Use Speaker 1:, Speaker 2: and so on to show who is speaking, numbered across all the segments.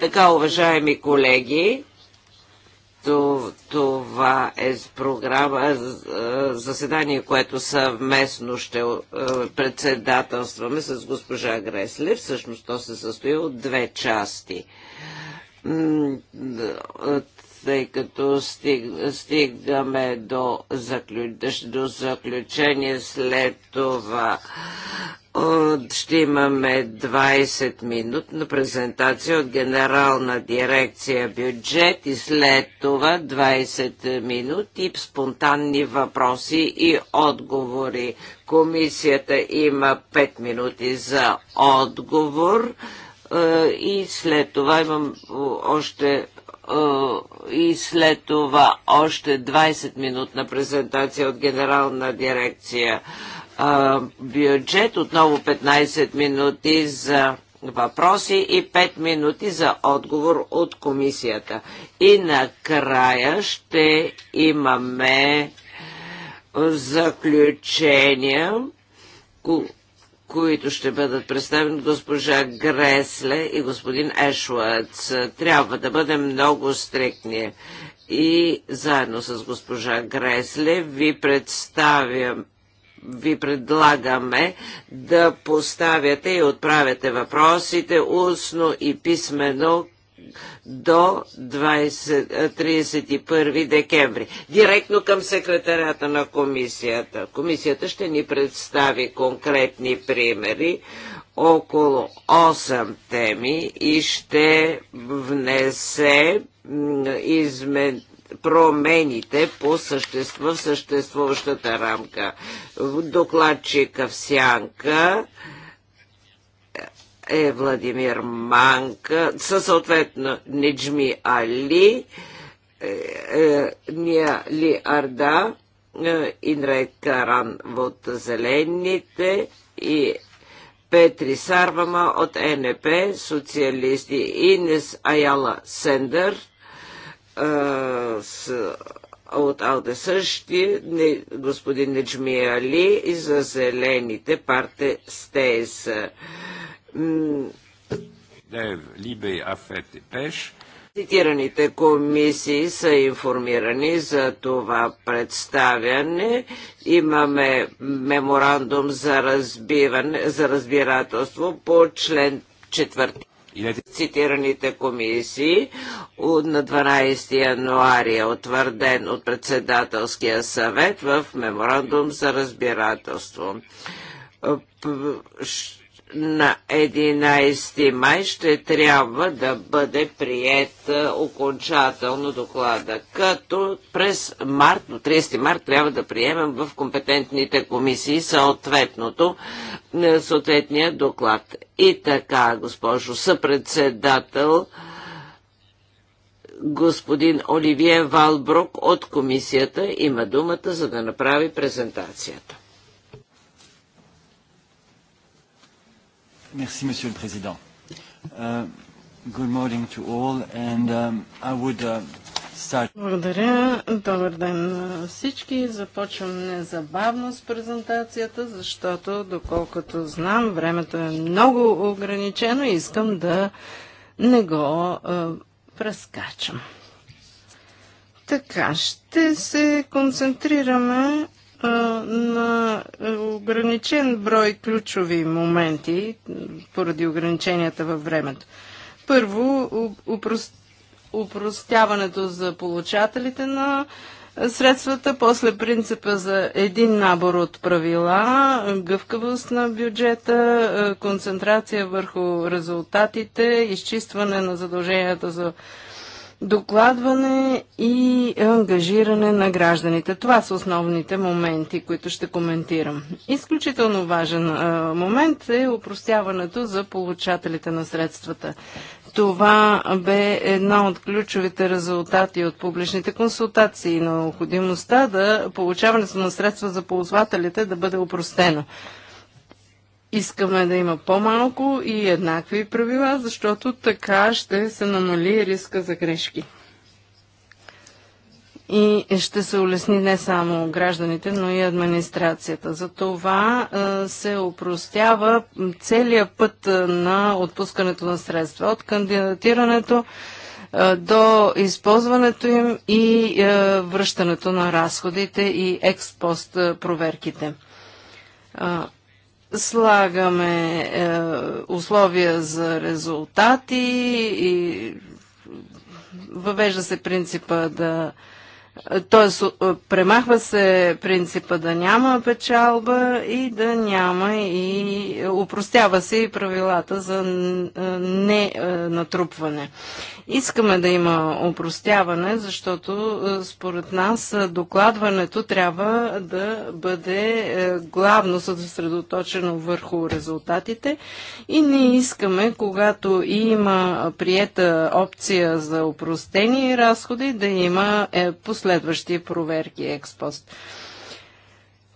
Speaker 1: Така, уважаеми колеги, това е програма, е, заседание, което съвместно ще е, председателстваме с госпожа Гресли, Всъщност то се състои от две части тъй като стигаме до заключение след това ще имаме 20 минутна презентация от Генерална дирекция бюджет и след това 20 минути спонтанни въпроси и отговори. Комисията има 5 минути за отговор е, и след това имам още е, и след това още 20 минутна презентация от Генерална дирекция бюджет. Отново 15 минути за въпроси и 5 минути за отговор от комисията. И накрая ще имаме заключения, ко които ще бъдат представени госпожа Гресле и господин Ешуац. Трябва да бъдем много стрикни. И заедно с госпожа Гресле ви представям ви предлагаме да поставяте и отправяте въпросите устно и писмено до 20, 31 декември. Директно към секретарята на комисията. Комисията ще ни представи конкретни примери около 8 теми и ще внесе измен, промените по същество, в съществуващата рамка. Докладчика в сянка е Владимир Манка, със съответно Неджми Али, е, е, Ния Ли Арда, е, Инрай Каран от Зелените и Петри Сарвама от НП, социалисти Инес Аяла Сендър с, от Алде същи, господин Неджми Али и за зелените парте Стейс.
Speaker 2: Дев, Либей, Афет и Пеш.
Speaker 1: Цитираните комисии са информирани за това представяне. Имаме меморандум за, разбиване, за разбирателство по член четвърти цитираните комисии на 12 януари е утвърден от председателския съвет в меморандум за разбирателство на 11 май ще трябва да бъде прият е, окончателно доклада, като през март, до 30 март трябва да приемем в компетентните комисии съответното, е, съответния доклад. И така, госпожо съпредседател, господин Оливие Валброк от комисията има думата, за да направи презентацията.
Speaker 3: Merci, Monsieur le Président. Uh, good morning to all, and um, I would uh, start...
Speaker 4: Благодаря. Добър ден на всички. Започвам незабавно с презентацията, защото, доколкото знам, времето е много ограничено и искам да не го uh, прескачам. Така, ще се концентрираме на е, ограничен брой ключови моменти поради ограниченията във времето. Първо, упростяването за получателите на е, средствата, после принципа за един набор от правила, гъвкавост на бюджета, е, концентрация върху резултатите, изчистване на задълженията за докладване и ангажиране на гражданите. Това са основните моменти, които ще коментирам. Изключително важен момент е упростяването за получателите на средствата. Това бе една от ключовите резултати от публичните консултации на необходимостта да получаването на средства за ползвателите да бъде упростено. Искаме да има по-малко и еднакви правила, защото така ще се намали риска за грешки. И ще се улесни не само гражданите, но и администрацията. За това е, се опростява целият път е, на отпускането на средства. От кандидатирането е, до използването им и връщането на разходите и експост проверките. Слагаме е, условия за резултати и въвежда се принципа да т.е. Е, премахва се принципа да няма печалба и да няма и е, упростява се и правилата за е, ненатрупване. Искаме да има опростяване, защото е, според нас е, докладването трябва да бъде е, главно съсредоточено върху резултатите и не искаме, когато има приета опция за опростени разходи, да има последващи проверки експост.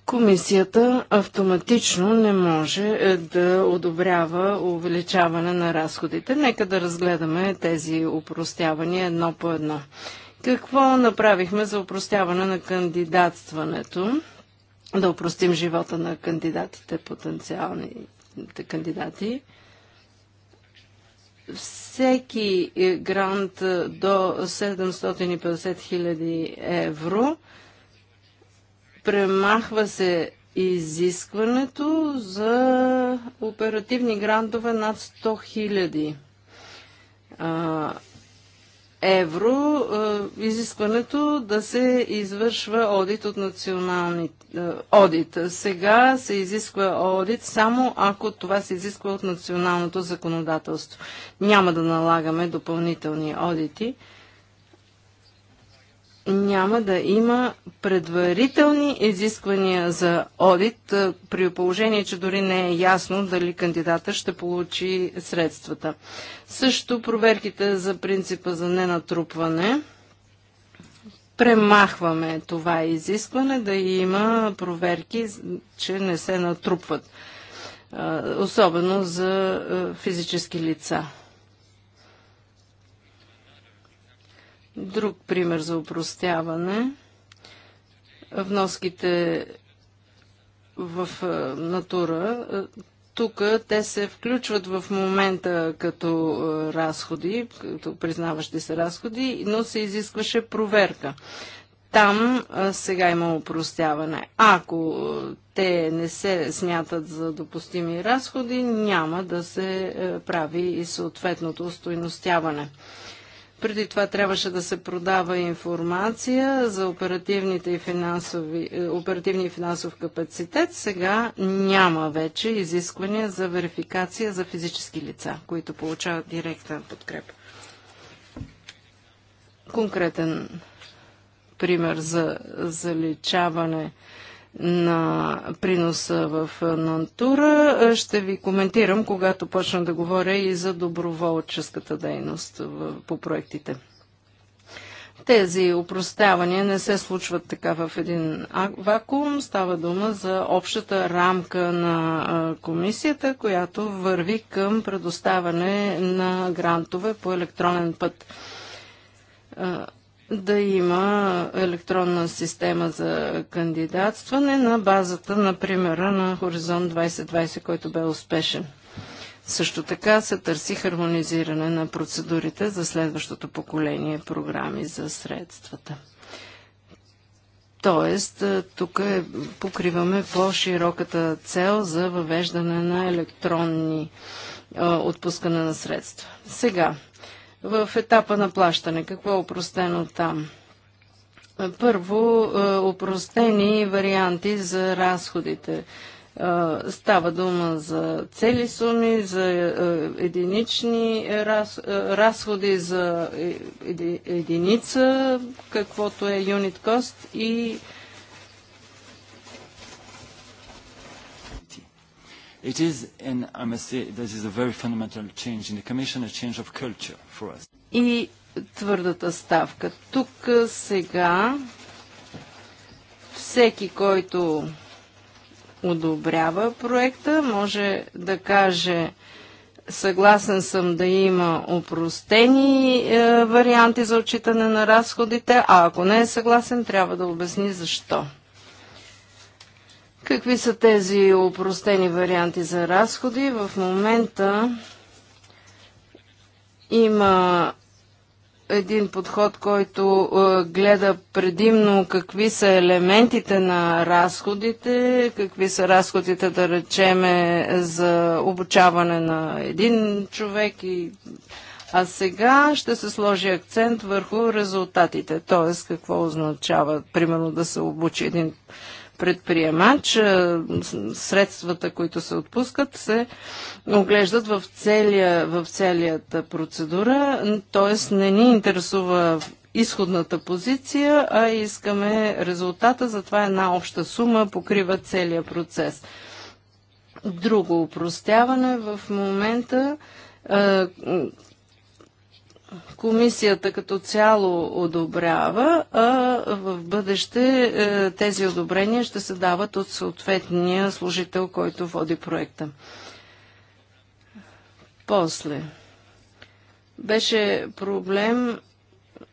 Speaker 4: Комисията автоматично не може е, да одобрява увеличаване на разходите. Нека да разгледаме тези упростявания едно по едно. Какво направихме за упростяване на кандидатстването? Да упростим живота на кандидатите, потенциалните кандидати. Всеки грант до 750 000 евро – Премахва се изискването за оперативни грантове над 100 000 евро. Изискването да се извършва одит от национални одит. Сега се изисква одит само ако това се изисква от националното законодателство. Няма да налагаме допълнителни одити няма да има предварителни изисквания за одит, при положение, че дори не е ясно дали кандидата ще получи средствата. Също проверките за принципа за ненатрупване. Премахваме това изискване да има проверки, че не се натрупват, особено за физически лица. Друг пример за упростяване. Вноските в е, натура. Е, тук те се включват в момента като е, разходи, като признаващи се разходи, но се изискваше проверка. Там сега има упростяване. Ако те не се смятат за допустими разходи, няма да се прави и съответното устойностяване. Преди това трябваше да се продава информация за оперативните и финансови, е, оперативни и финансов капацитет. Сега няма вече изисквания за верификация за физически лица, които получават директна подкрепа. Конкретен пример за заличаване на приноса в Нантура. Ще ви коментирам, когато почна да говоря и за доброволческата дейност по проектите. Тези упростявания не се случват така в един вакуум. Става дума за общата рамка на комисията, която върви към предоставане на грантове по електронен път да има електронна система за кандидатстване на базата, например, на Хоризонт 2020, който бе успешен. Също така се търси хармонизиране на процедурите за следващото поколение програми за средствата. Тоест, е, тук е, покриваме по-широката цел за въвеждане на електронни е, отпускане на средства. Сега, в етапа на плащане. Какво е опростено там? Първо, е, опростени варианти за разходите. Е, става дума за цели суми, за е, единични разходи за единица, каквото е unit cost и It is, and I must
Speaker 3: say, this is a very fundamental change in the Commission, a change of culture for us.
Speaker 4: И твърдата ставка. Тук сега всеки, който одобрява проекта, може да каже съгласен съм да има упростени е, варианти за отчитане на разходите, а ако не е съгласен, трябва да обясни защо. Какви са тези упростени варианти за разходи? В момента има един подход, който е, гледа предимно какви са елементите на разходите, какви са разходите, да речеме, за обучаване на един човек. И... А сега ще се сложи акцент върху резултатите, т.е. какво означава, примерно, да се обучи един предприемач. Средствата, които се отпускат, се оглеждат в, целия, в целията процедура, т.е. не ни интересува изходната позиция, а искаме резултата, затова една обща сума покрива целия процес. Друго упростяване в момента комисията като цяло одобрява, а в бъдеще е, тези одобрения ще се дават от съответния служител, който води проекта. После беше проблем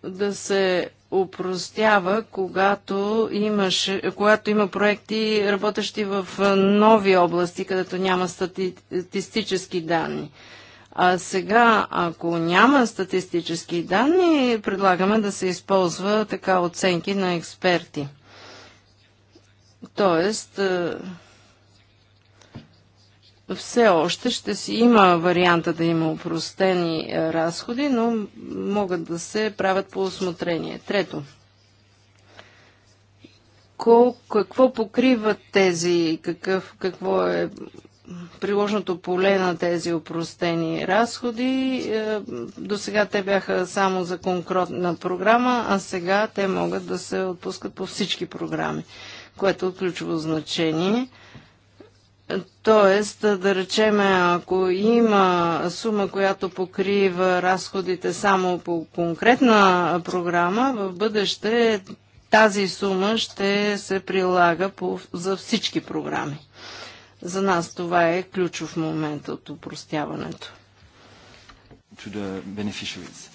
Speaker 4: да се упростява, когато, имаш, когато има проекти, работещи в е, нови области, където няма статистически данни. А сега, ако няма статистически данни, предлагаме да се използва така оценки на експерти. Тоест, все още ще си има варианта да има упростени разходи, но могат да се правят по осмотрение. Трето. Колко, какво покриват тези, какъв, какво е приложното поле на тези упростени разходи. Е, до сега те бяха само за конкретна програма, а сега те могат да се отпускат по всички програми, което е от ключово значение. Тоест, да речеме, ако има сума, която покрива разходите само по конкретна програма, в бъдеще тази сума ще се прилага по, за всички програми. За нас това е ключов момент от упростяването.
Speaker 3: To the beneficiaries.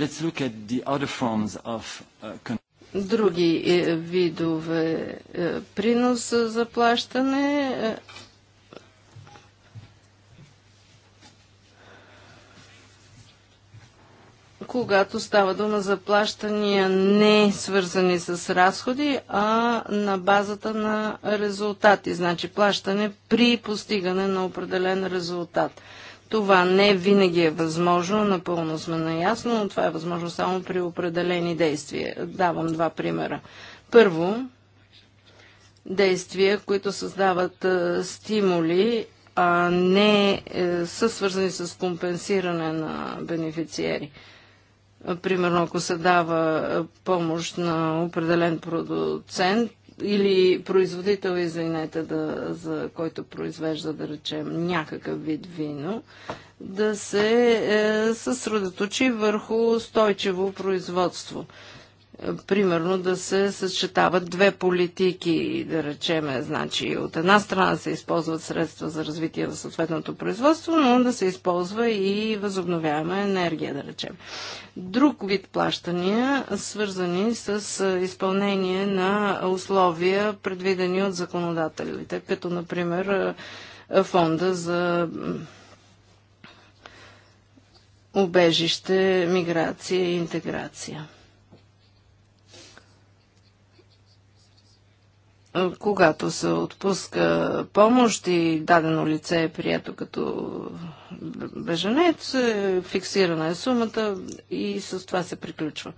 Speaker 3: Let's look at the other forms of uh,
Speaker 4: други е, видове е, принос за плащане е, когато става дума за плащания не свързани с разходи, а на базата на резултати, значи плащане при постигане на определен резултат. Това не винаги е възможно, напълно сме наясно, но това е възможно само при определени действия. Давам два примера. Първо, действия, които създават стимули, а не е, са свързани с компенсиране на бенефициери. Примерно, ако се дава е, помощ на определен продуцент или производител, извинете, да, за който произвежда, да речем, някакъв вид вино, да се е, съсредоточи върху устойчиво производство примерно да се съчетават две политики, да речеме, значи от една страна се използват средства за развитие на съответното производство, но да се използва и възобновяема енергия, да речем. Друг вид плащания, свързани с изпълнение на условия, предвидени от законодателите, като например фонда за убежище, миграция и интеграция. Е, когато се отпуска помощ и дадено лице е прието като беженец, е, фиксирана е сумата и с това се приключва.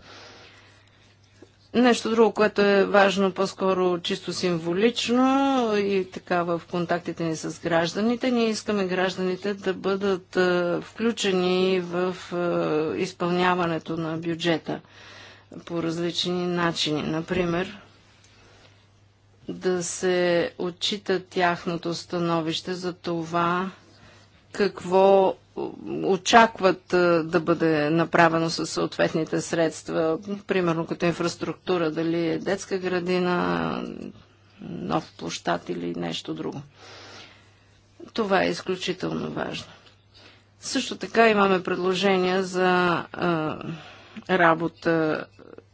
Speaker 4: Нещо друго, което е важно, по-скоро чисто символично и така в контактите ни с гражданите. Ние искаме гражданите да бъдат е, включени в изпълняването на бюджета по различни начини. Например, да се отчита тяхното становище за това какво очакват да бъде направено със съответните средства, примерно като инфраструктура, дали е детска градина, нов площад или нещо друго. Това е изключително важно. Също така имаме предложения за а, работа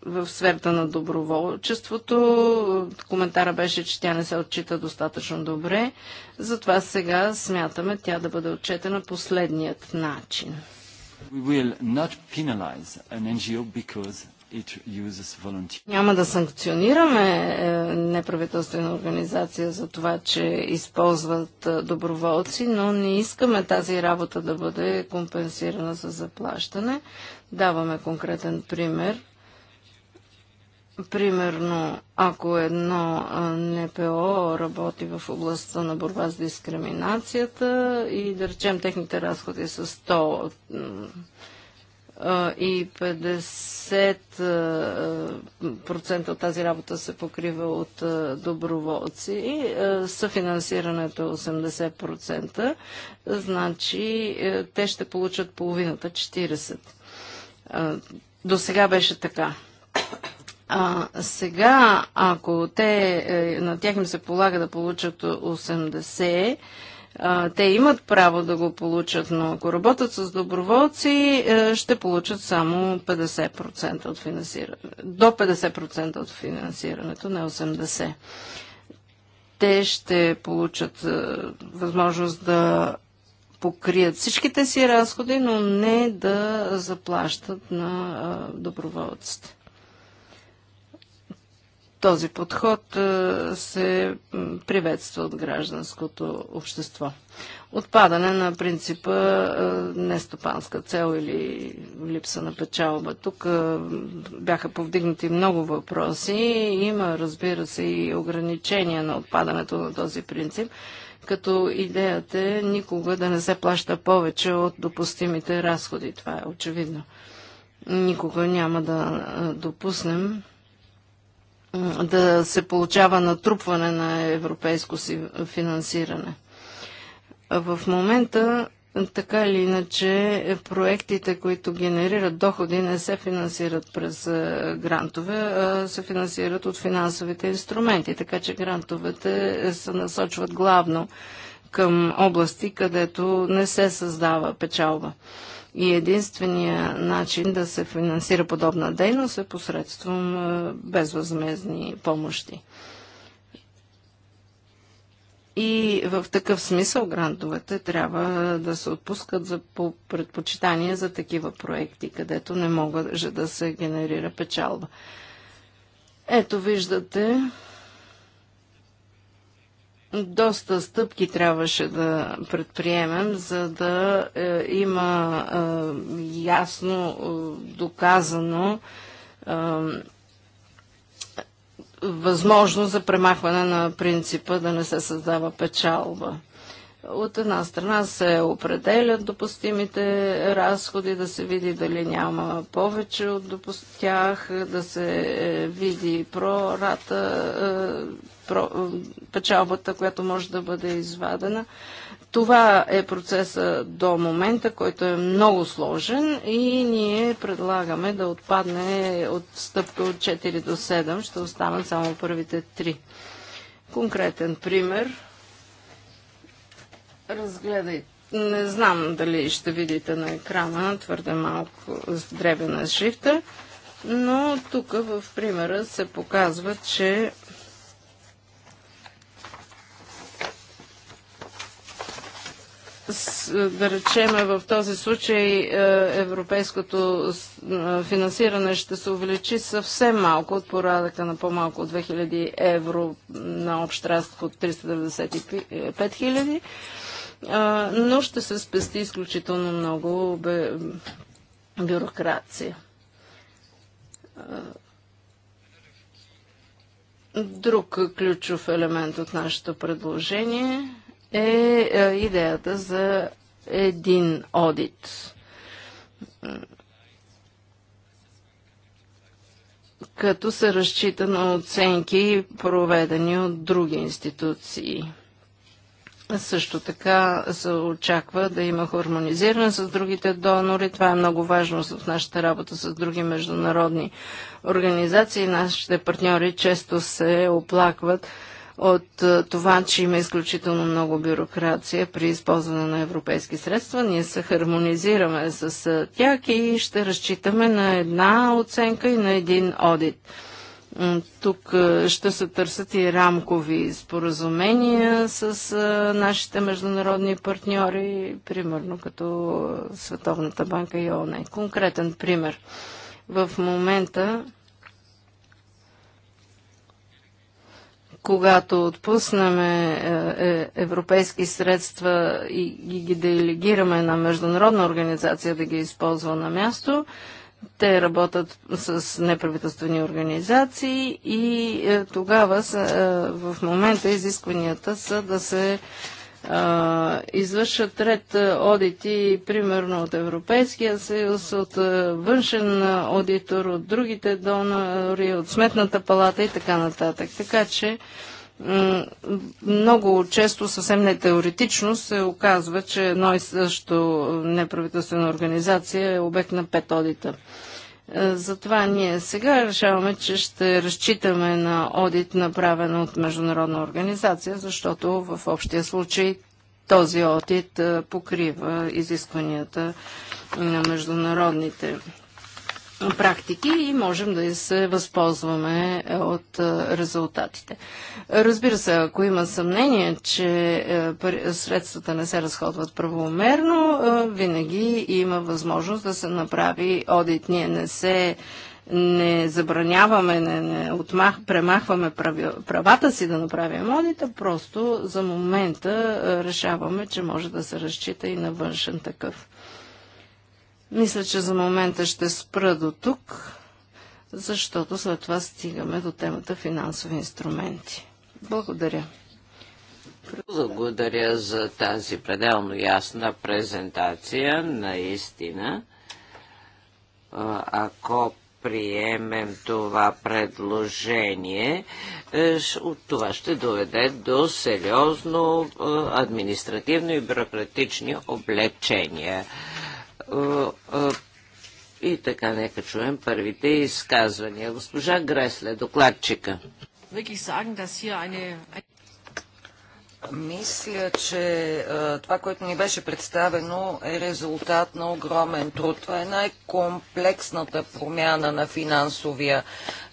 Speaker 4: в сферата на доброволчеството. Коментара беше, че тя не се отчита достатъчно добре. Затова сега смятаме тя да бъде отчетена последният начин. Няма да санкционираме е, неправителствена организация за това, че използват е, доброволци, но не искаме тази работа да бъде компенсирана за заплащане. Даваме конкретен пример Примерно, ако едно НПО работи в областта на борба с дискриминацията и да речем техните разходи са 100 и 50% от тази работа се покрива от доброволци. И съфинансирането е 80%, значи те ще получат половината, 40%. До сега беше така. А, сега, ако те, е, на тях им се полага да получат 80, а, те имат право да го получат, но ако работят с доброволци, е, ще получат само 50% от финансирането. До 50% от финансирането, не 80% те ще получат е, възможност да покрият всичките си разходи, но не да заплащат на доброволците този подход се приветства от гражданското общество. Отпадане на принципа нестопанска цел или липса на печалба. Тук бяха повдигнати много въпроси. Има, разбира се, и ограничения на отпадането на този принцип, като идеята е никога да не се плаща повече от допустимите разходи. Това е очевидно. Никога няма да допуснем да се получава натрупване на европейско си финансиране. В момента, така или иначе, проектите, които генерират доходи, не се финансират през грантове, а се финансират от финансовите инструменти, така че грантовете се насочват главно към области, където не се създава печалба. И единствения начин да се финансира подобна дейност е посредством е, безвъзмезни помощи. И в такъв смисъл грантовете трябва да се отпускат за по предпочитание за такива проекти, където не може да се генерира печалба. Ето виждате доста стъпки трябваше да предприемем, за да е, има е, ясно е, доказано е, възможност за премахване на принципа да не се създава печалба. От една страна се определят допустимите разходи, да се види дали няма повече от допустях, тях, да се е, види прората, е, про... Е, печалбата, която може да бъде извадена. Това е процеса до момента, който е много сложен и ние предлагаме да отпадне от стъпка от 4 до 7, ще останат само първите 3. Конкретен пример Разгледай. Не знам дали ще видите на екрана, твърде малко дребена шрифта, но тук в примера се показва, че да речем, в този случай е, европейското е, финансиране ще се увеличи съвсем малко от порадъка на по-малко от 2000 евро на общ разход 395 000 но ще се спести изключително много бюрокрация. Друг ключов елемент от нашето предложение е, е идеята за един одит. Като се разчита на оценки, проведени от други институции. Също така се очаква да има хармонизиране с другите донори. Това е много важно в нашата работа с други международни организации. Нашите партньори често се оплакват от е, това, че има изключително много бюрокрация при използване на европейски средства. Ние се хармонизираме с е, тях и ще разчитаме на една оценка и на един одит. Тук е, ще се търсят и рамкови споразумения с е, нашите международни партньори, примерно като Световната банка и ООН. Конкретен пример. В момента когато отпуснеме е, европейски средства и ги делегираме на международна организация да ги използва на място, те работят с неправителствени организации и е, тогава е, в момента изискванията са да се е, извършат ред одити, примерно от Европейския съюз, от външен аудитор, от другите донори, от Сметната палата и така нататък. Така че много често, съвсем не теоретично, се оказва, че едно и също неправителствена организация е обект на пет одита. Е, затова ние сега решаваме, че ще разчитаме на одит, направен от международна организация, защото в общия случай този одит е, покрива изискванията на международните практики и можем да се възползваме от резултатите. Разбира се, ако има съмнение, че средствата не се разходват правомерно, винаги има възможност да се направи одит. Ние не се не забраняваме, не, не отмах, премахваме прави, правата си да направим одита, просто за момента решаваме, че може да се разчита и на външен такъв. Мисля, че за момента ще спра до тук, защото след това стигаме до темата финансови инструменти. Благодаря.
Speaker 1: Благодаря за тази пределно ясна презентация. Наистина, ако приемем това предложение, е, от това ще доведе до сериозно е, административно и бюрократични облегчения. Е, е, и така, нека чуем първите изказвания. Госпожа Гресле, докладчика.
Speaker 3: Мисля, че е, това, което ни беше представено, е резултат на огромен труд. Това е най-комплексната промяна на финансовия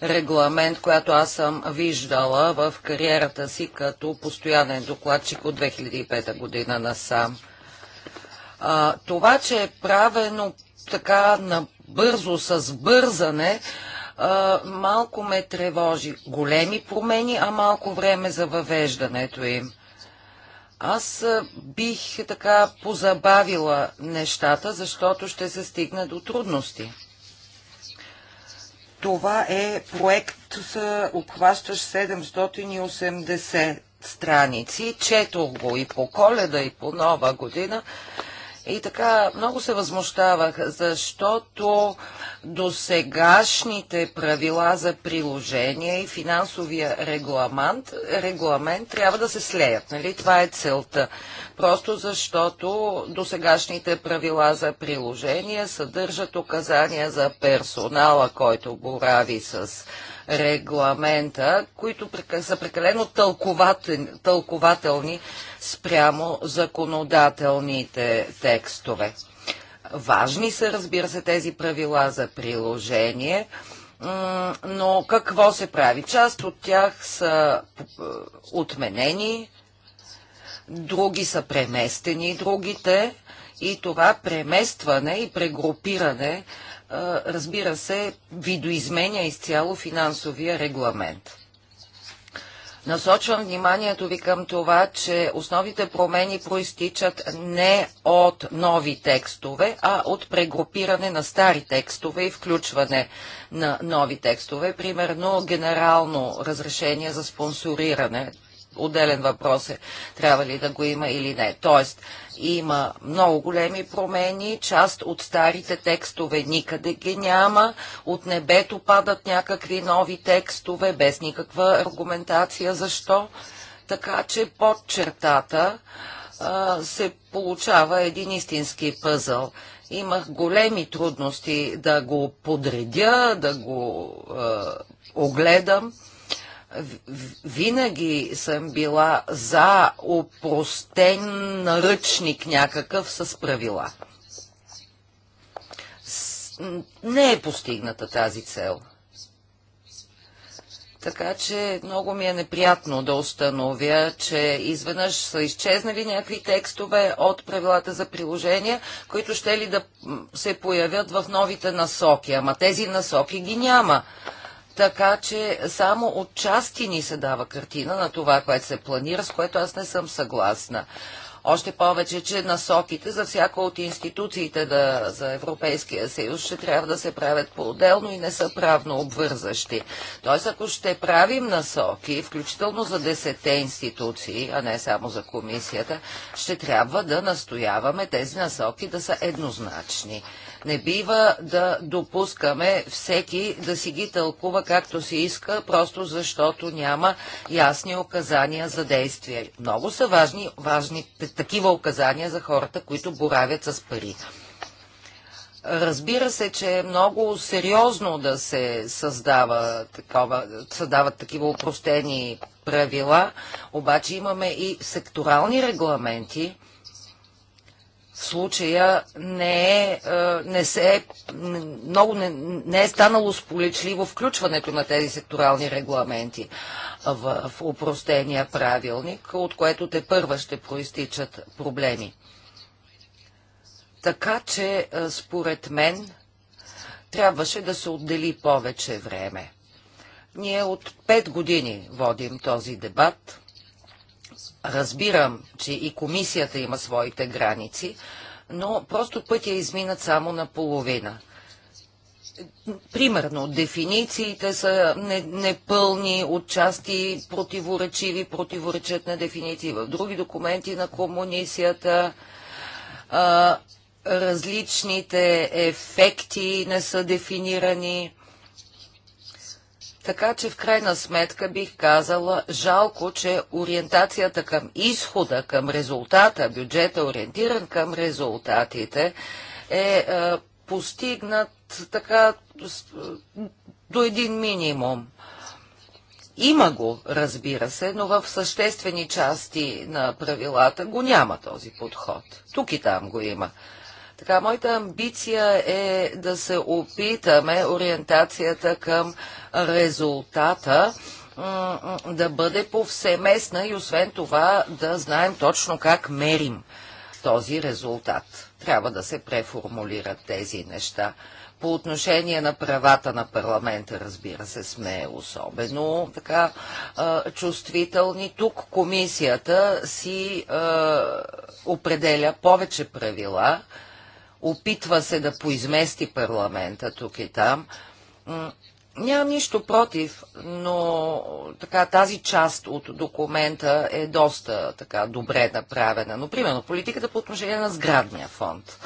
Speaker 3: регламент, която аз съм виждала в кариерата си като постоянен докладчик от 2005 година насам. сам. А, това, че е правено така набързо, с бързане, а, малко ме тревожи. Големи промени, а малко време за въвеждането им. Аз бих така позабавила нещата, защото ще се стигне до трудности. Това е проект, обхващащ 780 страници. Четох го и по коледа, и по нова година. И така много се възмущавах, защото досегашните правила за приложение и финансовия регламент, регламент трябва да се слеят. Нали? Това е целта. Просто защото досегашните правила за приложение съдържат указания за персонала, който борави с регламента, които са прекалено тълкователни спрямо законодателните текстове. Важни са, разбира се, тези правила за приложение, но какво се прави? Част от тях са е, отменени, други са преместени, другите и това преместване и прегрупиране разбира се, видоизменя изцяло финансовия регламент. Насочвам вниманието ви към това, че основните промени проистичат не от нови текстове, а от прегрупиране на стари текстове и включване на нови текстове. Примерно генерално разрешение за спонсориране отделен въпрос е трябва ли да го има или не. Тоест, има много големи промени, част от старите текстове никъде ги няма, от небето падат някакви нови текстове без никаква аргументация защо. Така че под чертата а, се получава един истински пъзъл имах големи трудности да го подредя, да го е, огледам винаги съм била за опростен наръчник някакъв с правила. Не е постигната тази цел. Така че много ми е неприятно да установя, че изведнъж са изчезнали някакви текстове от правилата за приложения, които ще ли да се появят в новите насоки. Ама тези насоки ги няма. Така че само от части ни се дава картина на това, което се планира, с което аз не съм съгласна. Още повече, че насоките за всяко от институциите да, за Европейския съюз ще трябва да се правят по-отделно и не са правно обвързащи. Тоест, ако ще правим насоки, включително за десете институции, а не само за комисията, ще трябва да настояваме тези насоки да са еднозначни. Не бива да допускаме всеки да си ги тълкува както си иска, просто защото няма ясни указания за действие. Много са важни, важни такива указания за хората, които боравят с пари. Разбира се, че е много сериозно да се създава такова, създават такива упростени правила, обаче имаме и секторални регламенти, в случая не е, е, не се е, много не, не е станало споличливо включването на тези секторални регламенти в, в упростения правилник, от което те първа ще проистичат проблеми. Така че, е, според мен, трябваше да се отдели повече време. Ние от пет години водим този дебат – Разбирам, че и комисията има своите граници, но просто пътя изминат само наполовина. Примерно, дефинициите са непълни, не отчасти противоречиви, противоречат на дефиниции в други документи на комуницията. различните ефекти не са дефинирани. Така че в крайна сметка бих казала жалко, че ориентацията към изхода, към резултата, бюджета ориентиран към резултатите е, е постигнат така е, до един минимум. Има го, разбира се, но в съществени части на правилата го няма този подход. Тук и там го има. Така, моята амбиция е да се опитаме ориентацията към резултата да бъде повсеместна и освен това да знаем точно как мерим този резултат. Трябва да се преформулират тези неща. По отношение на правата на парламента, разбира се, сме особено така чувствителни. Тук комисията си е, определя повече правила, опитва се да поизмести парламента тук и там. Нямам нищо против, но така, тази част от документа е доста така, добре направена. Но, примерно, политиката по отношение на сградния фонд.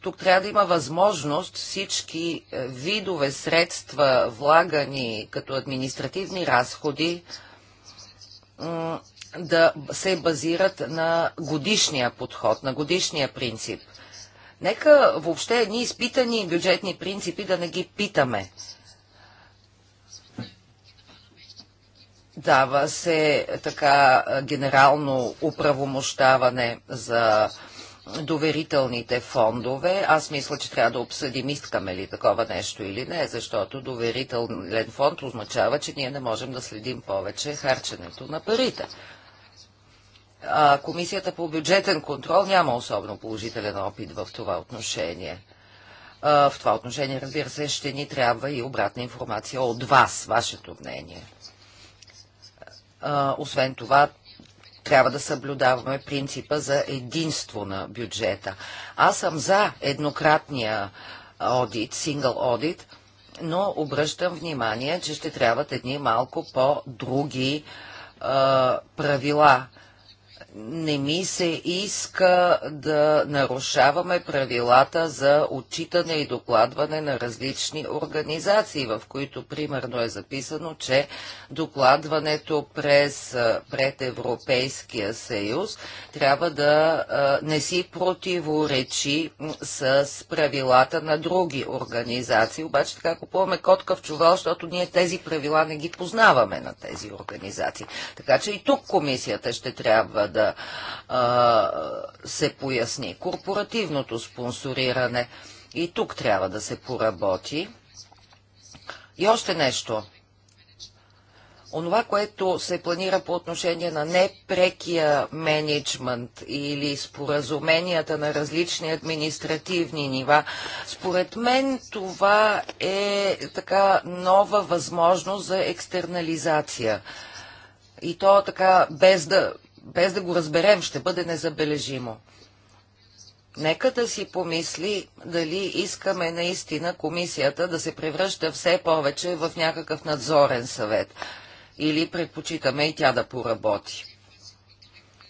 Speaker 3: Тук трябва да има възможност всички е, видове средства, влагани като административни разходи, да се базират на годишния подход, на годишния принцип. Нека въобще едни изпитани бюджетни принципи да не ги питаме. Дава се така генерално управомощаване за доверителните фондове. Аз мисля, че трябва да обсъдим искаме ли такова нещо или не, защото доверителен фонд означава, че ние не можем да следим повече харченето на парите. А Комисията по бюджетен контрол няма особено положителен опит в това отношение. А, в това отношение, разбира се, ще ни трябва и обратна информация от вас, вашето мнение. А, освен това, трябва да съблюдаваме принципа за единство на бюджета. Аз съм за еднократния одит, сингъл одит, но обръщам внимание, че ще трябват едни малко по-други правила не ми се иска да нарушаваме правилата за отчитане и докладване на различни организации, в които примерно е записано, че докладването през, пред Европейския съюз трябва да не си противоречи с правилата на други организации. Обаче така купуваме котка в чувал, защото ние тези правила не ги познаваме на тези организации. Така че и тук комисията ще трябва да да а, се поясни. Корпоративното спонсориране и тук трябва да се поработи. И още нещо. Онова, което се планира по отношение на непрекия менеджмент или споразуменията на различни административни нива, според мен това е така нова възможност за екстернализация. И то така без да без да го разберем, ще бъде незабележимо. Нека да си помисли дали искаме наистина комисията да се превръща все повече в някакъв надзорен съвет или предпочитаме и тя да поработи.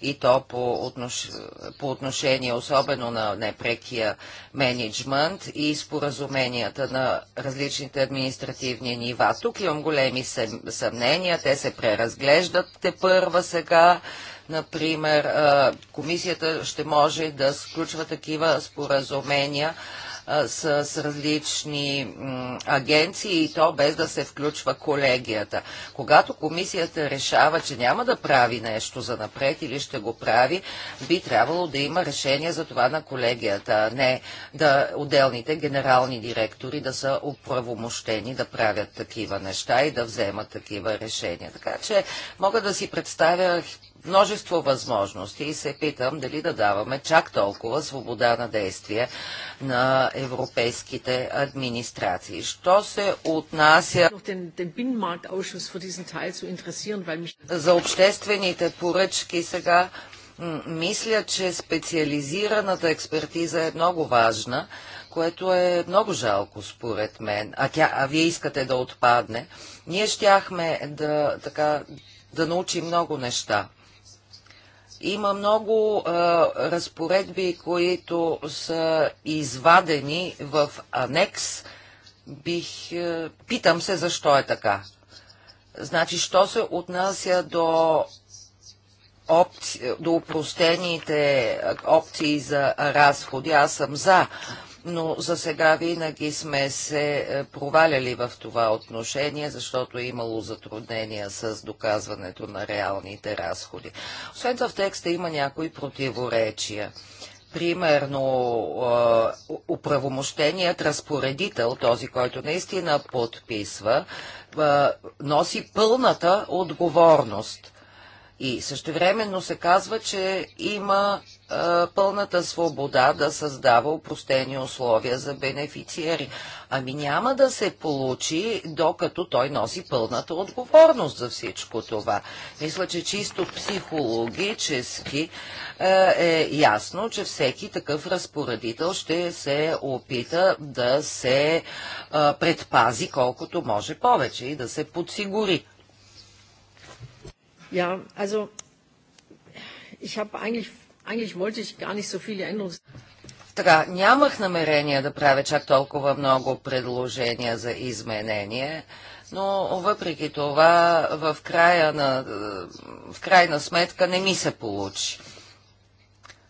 Speaker 3: И то по, отнош... по отношение особено на непрекия менеджмент и споразуменията на различните административни нива. Тук имам големи съмнения, те се преразглеждат те първа сега Например, комисията ще може да сключва такива споразумения с, с различни агенции и то без да се включва колегията. Когато комисията решава, че няма да прави нещо за напред или ще го прави, би трябвало да има решение за това на колегията, а не да отделните генерални директори да са оправомощени да правят такива неща и да вземат такива решения. Така че мога да си представя множество възможности и се питам дали да даваме чак толкова свобода на действие на европейските администрации. Що се отнася за обществените поръчки сега, мисля, че специализираната експертиза е много важна, което е много жалко според мен, а, тя, а вие искате да отпадне. Ние щяхме да, така, да научим много неща. Има много а, разпоредби, които са извадени в анекс. Бих, а, питам се защо е така. Значи, що се отнася до, опци, до упростените опции за разходи, аз съм за но за сега винаги сме се е, проваляли в това отношение, защото е имало затруднения с доказването на реалните разходи. Освен това в текста има някои противоречия примерно е, управомощеният разпоредител, този, който наистина подписва, е, носи пълната отговорност. И същевременно се казва, че има а, пълната свобода да създава упростени условия за бенефициери. Ами няма да се получи, докато той носи пълната отговорност за всичко това. Мисля, че чисто психологически е, е ясно, че всеки такъв разпоредител ще се опита да се а, предпази колкото може повече и да се подсигури. Ja, also ich habe
Speaker 4: eigentlich, eigentlich wollte ich gar nicht so viele Änderungen.
Speaker 3: Така, нямах намерение да правя чак толкова много предложения за изменение, но въпреки това в, края на, в крайна сметка не ми се получи.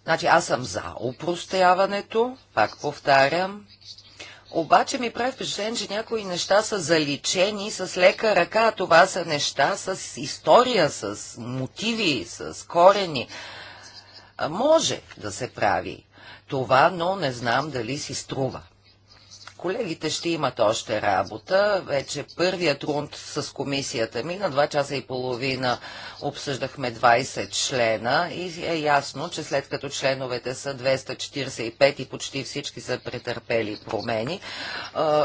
Speaker 3: Значи аз съм за упростяването, пак повтарям, обаче ми прави впечатление, че някои неща са заличени с лека ръка. Това са неща с история, с мотиви, с корени. Може да се прави това, но не знам дали си струва. Колегите ще имат още работа. Вече първият рунд с комисията ми на 2 часа и половина обсъждахме 20 члена и е ясно, че след като членовете са 245 и почти всички са претърпели промени,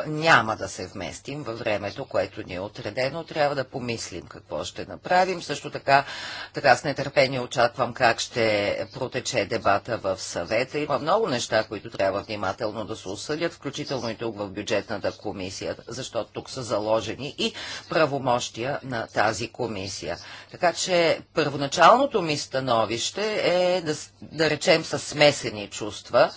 Speaker 3: няма да се вместим във времето, което ни е отредено. Трябва да помислим какво ще направим. Също така, така с нетърпение очаквам как ще протече дебата в съвета. Има много неща, които трябва внимателно да се осъдят, включително и тук в бюджетната комисия, защото тук са заложени и правомощия на тази комисия. Така че първоначалното ми становище е да, да речем със смесени чувства,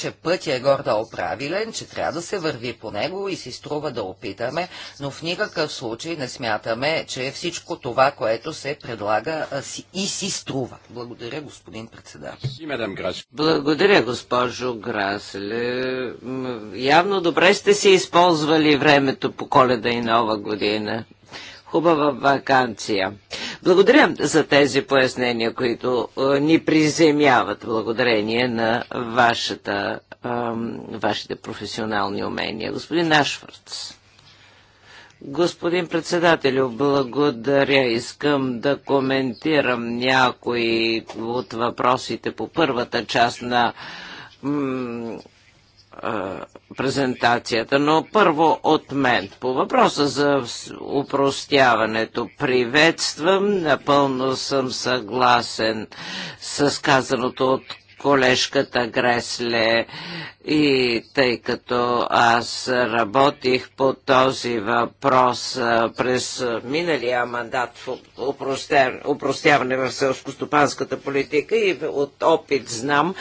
Speaker 3: че пътя е гордо правилен, че трябва да се върви по него и си струва да опитаме, но в никакъв случай не смятаме, че всичко това, което се предлага и си струва. Благодаря,
Speaker 1: господин председател. Благодаря, госпожо Грасле. Явно добре сте си използвали времето по коледа и нова година хубава вакансия. Благодаря за тези пояснения, които е, ни приземяват благодарение на вашата, вашите професионални умения. Господин Ашварц. Господин председателю, благодаря. Искам да коментирам някои от въпросите по първата част на презентацията, но първо от мен. По въпроса за упростяването приветствам, напълно съм съгласен с казаното от колежката Гресле. И тъй като аз работих по този въпрос през миналия мандат в упростяване в селско-стопанската политика и от опит знам,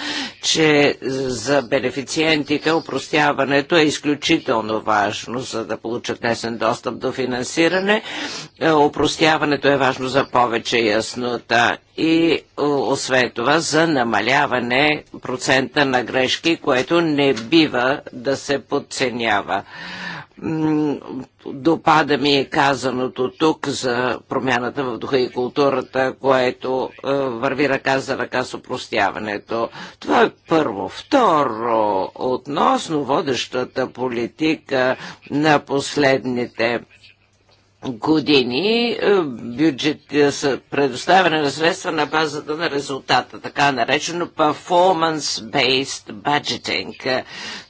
Speaker 1: че за бенефициентите упростяването е изключително важно, за да получат лесен достъп до финансиране. Е, упростяването е важно за повече яснота и освен това за намаляване процента на грешки, което не бива да се подценява. Допада ми е казаното тук за промяната в духа и културата, което е, върви ръка за ръка с опростяването. Това е първо. Второ, относно водещата политика на последните години е, бюджет, е, предоставяне на средства на базата на резултата, така наречено performance-based budgeting. Е,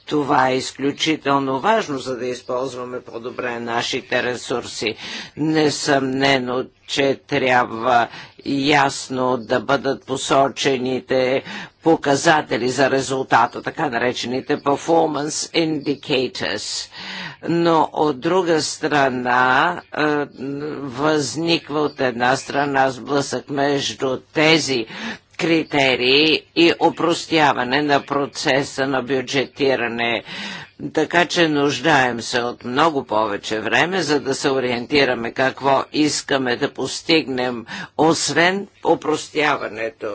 Speaker 1: това е изключително важно, за да използваме по-добре нашите ресурси. Несъмнено, че трябва ясно да бъдат посочените показатели за резултата, така наречените performance indicators. Но от друга страна е, възниква от една страна сблъсък между тези критерии и опростяване на процеса на бюджетиране. Така че нуждаем се от много повече време, за да се ориентираме какво искаме да постигнем, освен опростяването.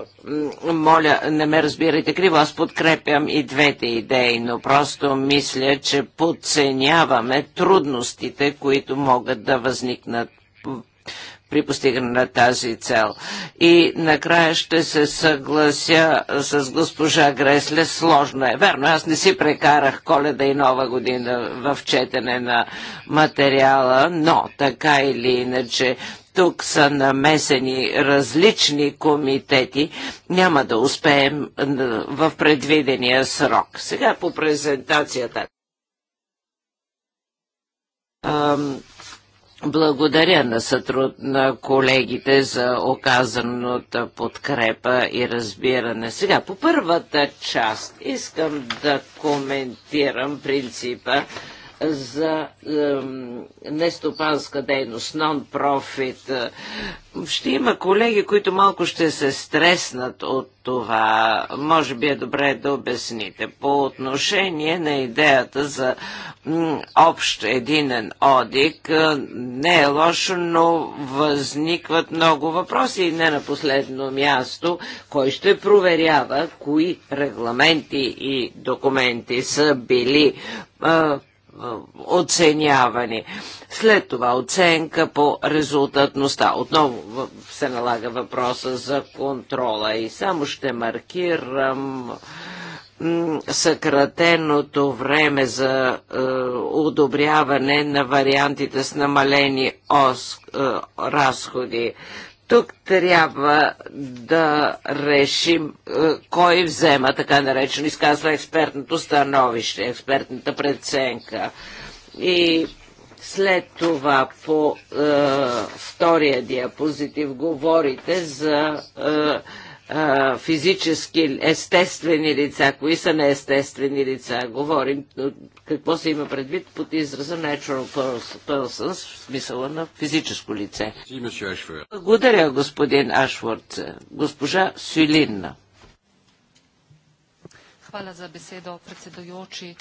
Speaker 1: Моля, не ме разбирайте криво, аз подкрепям и двете идеи, но просто мисля, че подценяваме трудностите, които могат да възникнат при постигане на тази цел. И накрая ще се съглася с госпожа Гресле. Сложно е. Верно, аз не си прекарах коледа и нова година в четене на материала, но така или иначе тук са намесени различни комитети, няма да успеем в предвидения срок. Сега по презентацията. Благодаря на, сътруд, на колегите за оказаната подкрепа и разбиране. Сега, по първата част искам да коментирам принципа за е, нестопанска дейност, нон-профит. Ще има колеги, които малко ще се стреснат от това. Може би е добре да обясните. По отношение на идеята за общ единен одик, е, не е лошо, но възникват много въпроси и не на последно място. Кой ще проверява кои регламенти и документи са били е, е, оценяване. След това оценка по резултатността. Отново се налага въпроса за контрола и само ще маркирам съкратеното време за е, одобряване на вариантите с намалени е, разходи. Тук трябва да решим е, кой взема така наречено, изказва експертното становище, експертната преценка. И след това по е, втория диапозитив говорите за е, а, физически естествени лица, кои са неестествени лица. Говорим какво се има предвид под израза natural person, в смисъла на физическо лице. Благодаря, господин Ашворд. Госпожа Сюлинна.
Speaker 4: Hvala за besedo, predsedujoči.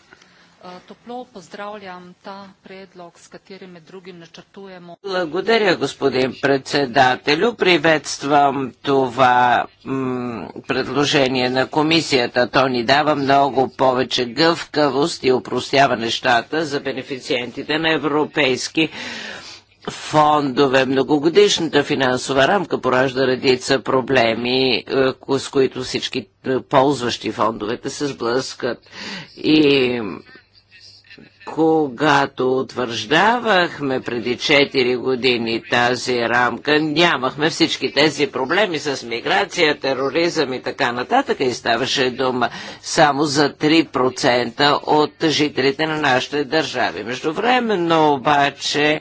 Speaker 4: Топло поздравljam ta predlog, s katerim med drugim načrtujemo. Благодаря,
Speaker 1: господин председателю. Приветствам това предложение на комисията. То ни дава много повече гъвкавост и упростява нещата за бенефициентите на европейски фондове. Многогодишната финансова рамка поражда редица проблеми, е, с които всички е, ползващи фондовете се сблъскат. И когато утвърждавахме преди 4 години тази рамка, нямахме всички тези проблеми с миграция, тероризъм и така нататък и ставаше дума само за 3% от жителите на нашите държави. Между но обаче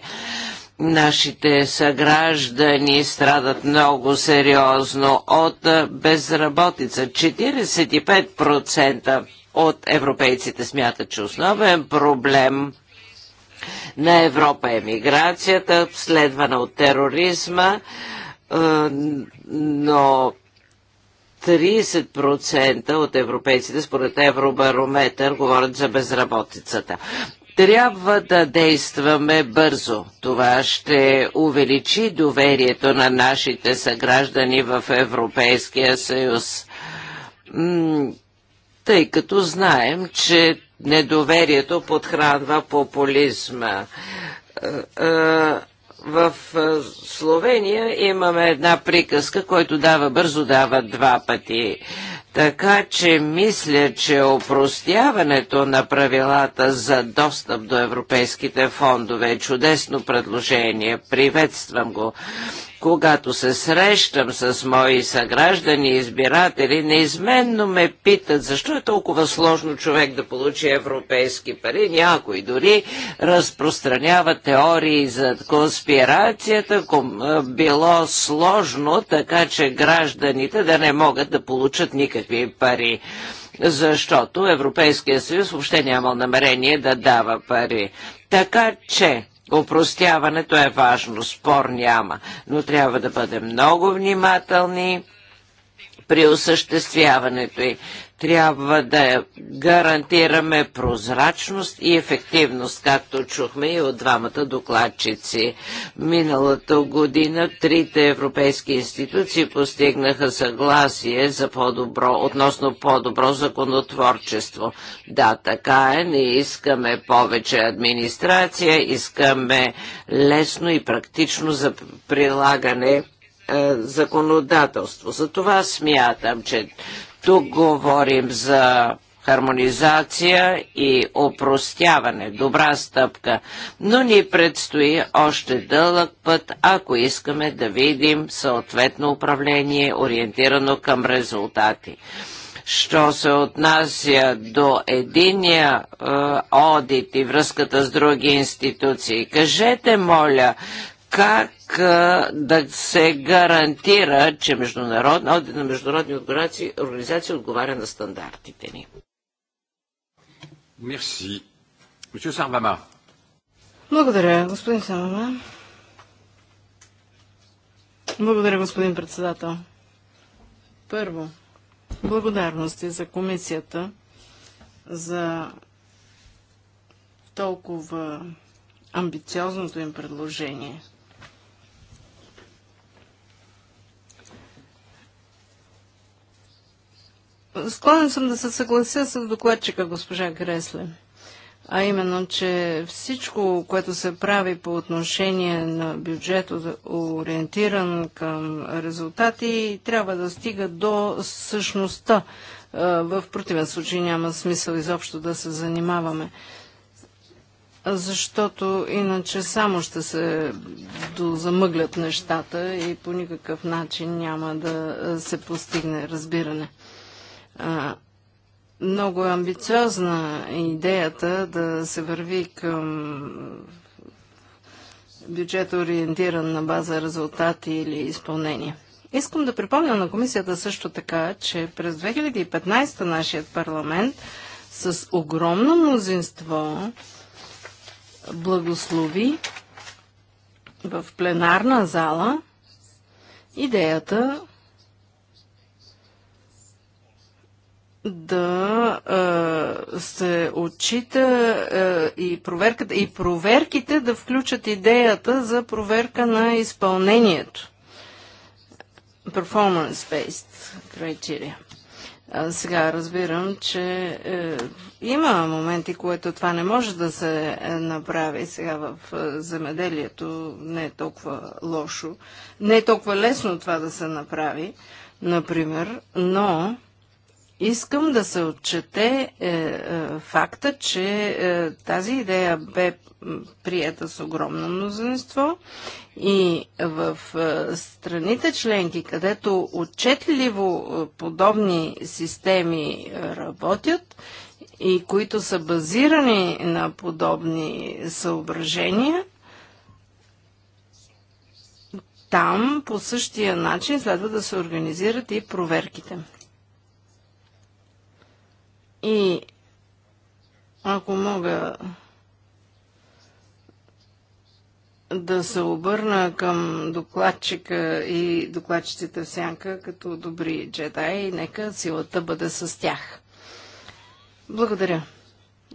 Speaker 1: нашите съграждани страдат много сериозно от безработица. 45% от европейците смятат, че основен проблем на Европа е миграцията, следвана от тероризма, е, но 30% от европейците, според Евробарометър, говорят за безработицата. Трябва да действаме бързо. Това ще увеличи доверието на нашите съграждани в Европейския съюз тъй като знаем, че недоверието подхранва популизма е, е, в е, Словения имаме една приказка, който дава бързо, дава два пъти. Така че мисля, че опростяването на правилата за достъп до европейските фондове е чудесно предложение. Приветствам го когато се срещам с мои съграждани и избиратели, неизменно ме питат защо е толкова сложно човек да получи европейски пари. Някой дори разпространяват теории за конспирацията, било сложно, така че гражданите да не могат да получат никакви пари защото Европейския съюз въобще няма намерение да дава пари. Така че Опростяването е важно, спор няма, но трябва да бъдем много внимателни при осъществяването й. Трябва да гарантираме прозрачност и ефективност, както чухме и от двамата докладчици. Миналата година трите европейски институции постигнаха съгласие за по-добро, относно по-добро законотворчество. Да, така е, не искаме повече администрация, искаме лесно и практично за прилагане е, законодателство. За това смятам, че тук говорим за хармонизация и опростяване, добра стъпка, но ни предстои още дълъг път, ако искаме да видим съответно управление, ориентирано към резултати. Що се отнася до единия е, одит и връзката с други институции, кажете, моля, как да се гарантира, че международна, одит на международни организации, организации отговаря на стандартите ни.
Speaker 2: Мерси. Сарвама.
Speaker 4: Благодаря, господин Сарвама. Благодаря, господин председател. Първо, благодарности за комисията за толкова амбициозното им предложение – Склонен съм да се съглася с докладчика госпожа Гресле. А именно, че всичко, което се прави по отношение на бюджета, ориентиран към резултати, трябва да стига до същността. В противен случай няма смисъл изобщо да се занимаваме. Защото иначе само ще се замъглят нещата и по никакъв начин няма да се постигне разбиране. Много много е амбициозна идеята да се върви към бюджет ориентиран на база резултати или изпълнение. Искам да припомня на комисията също така, че през 2015 нашият парламент с огромно мнозинство благослови в пленарна зала идеята да а, се отчита а, и, проверката, и проверките да включат идеята за проверка на изпълнението. Performance-based criteria. А, сега разбирам, че е, има моменти, което това не може да се е, направи сега в е, земеделието. Не е толкова лошо. Не е толкова лесно това да се направи, например, но Искам да се отчете е, е, факта, че е, тази идея бе прията с огромно мнозинство и в е, страните членки, където отчетливо е, подобни системи е, работят и които са базирани на подобни съображения, там по същия начин следва да се организират и проверките. И ако мога да се обърна към докладчика и докладчиците в сянка като добри джедаи, нека силата бъде с тях. Благодаря.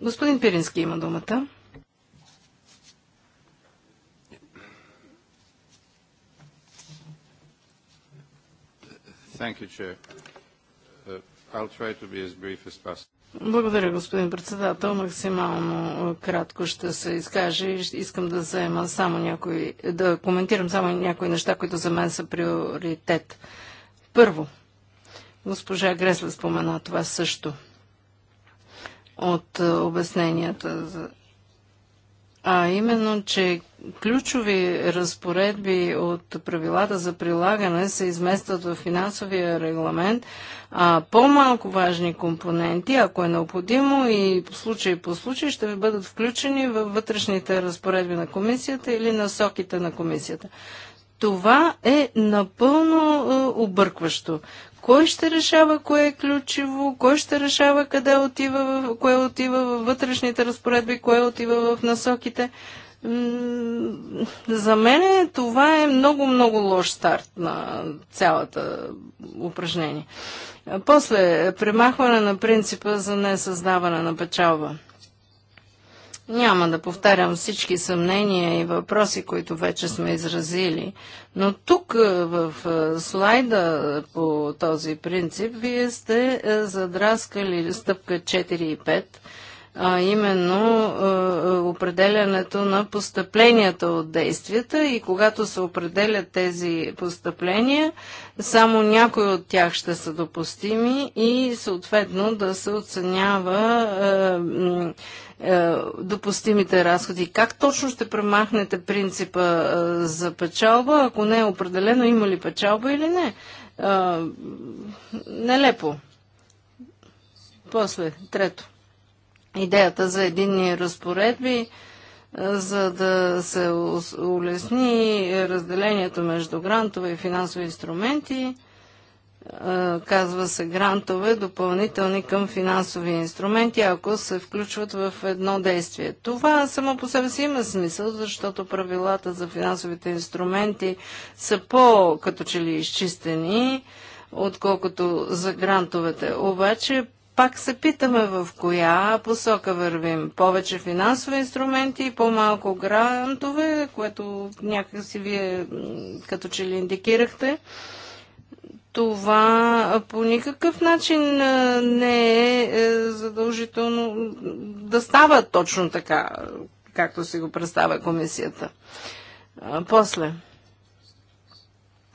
Speaker 4: Господин Пирински има думата.
Speaker 2: Thank you, Chair. Uh, I'll try to be as brief as possible.
Speaker 4: Благодаря, господин председател. Максимално кратко ще се изкаже. Искам да заема само някои, да коментирам само някои неща, които за мен са приоритет. Първо, госпожа Гресла спомена това също от обясненията за а именно, че ключови разпоредби от правилата за прилагане се изместват в финансовия регламент, а по-малко важни компоненти, ако е необходимо и по случай по случай, ще ви бъдат включени във вътрешните разпоредби на комисията или насоките на комисията. Това е напълно е, объркващо. Кой ще решава кое е ключово, кой ще решава къде отива, кое отива във вътрешните разпоредби, кое отива в насоките. За мен това е много-много лош старт на цялата упражнение. После премахване на принципа за несъздаване на печалба. Няма да повтарям всички съмнения и въпроси, които вече сме изразили, но тук е, в е, слайда по този принцип вие сте е, задраскали стъпка 4 и 5 а именно определянето на постъпленията от действията и когато се определят тези постъпления, само някои от тях ще са допустими и съответно да се оценява допустимите разходи. Как точно ще премахнете принципа за печалба, ако не е определено има ли печалба или не? Нелепо. После, трето идеята за единни разпоредби, е, за да се улесни разделението между грантове и финансови инструменти. Е, казва се грантове, допълнителни към финансови инструменти, ако се включват в едно действие. Това само по себе си има смисъл, защото правилата за финансовите инструменти са по-като че ли изчистени, отколкото за грантовете. Обаче пак се питаме в коя посока вървим. Повече финансови инструменти и по-малко грантове, което някакси вие като че ли индикирахте. Това по никакъв начин не е, е задължително да става точно така, както си го представя комисията. После.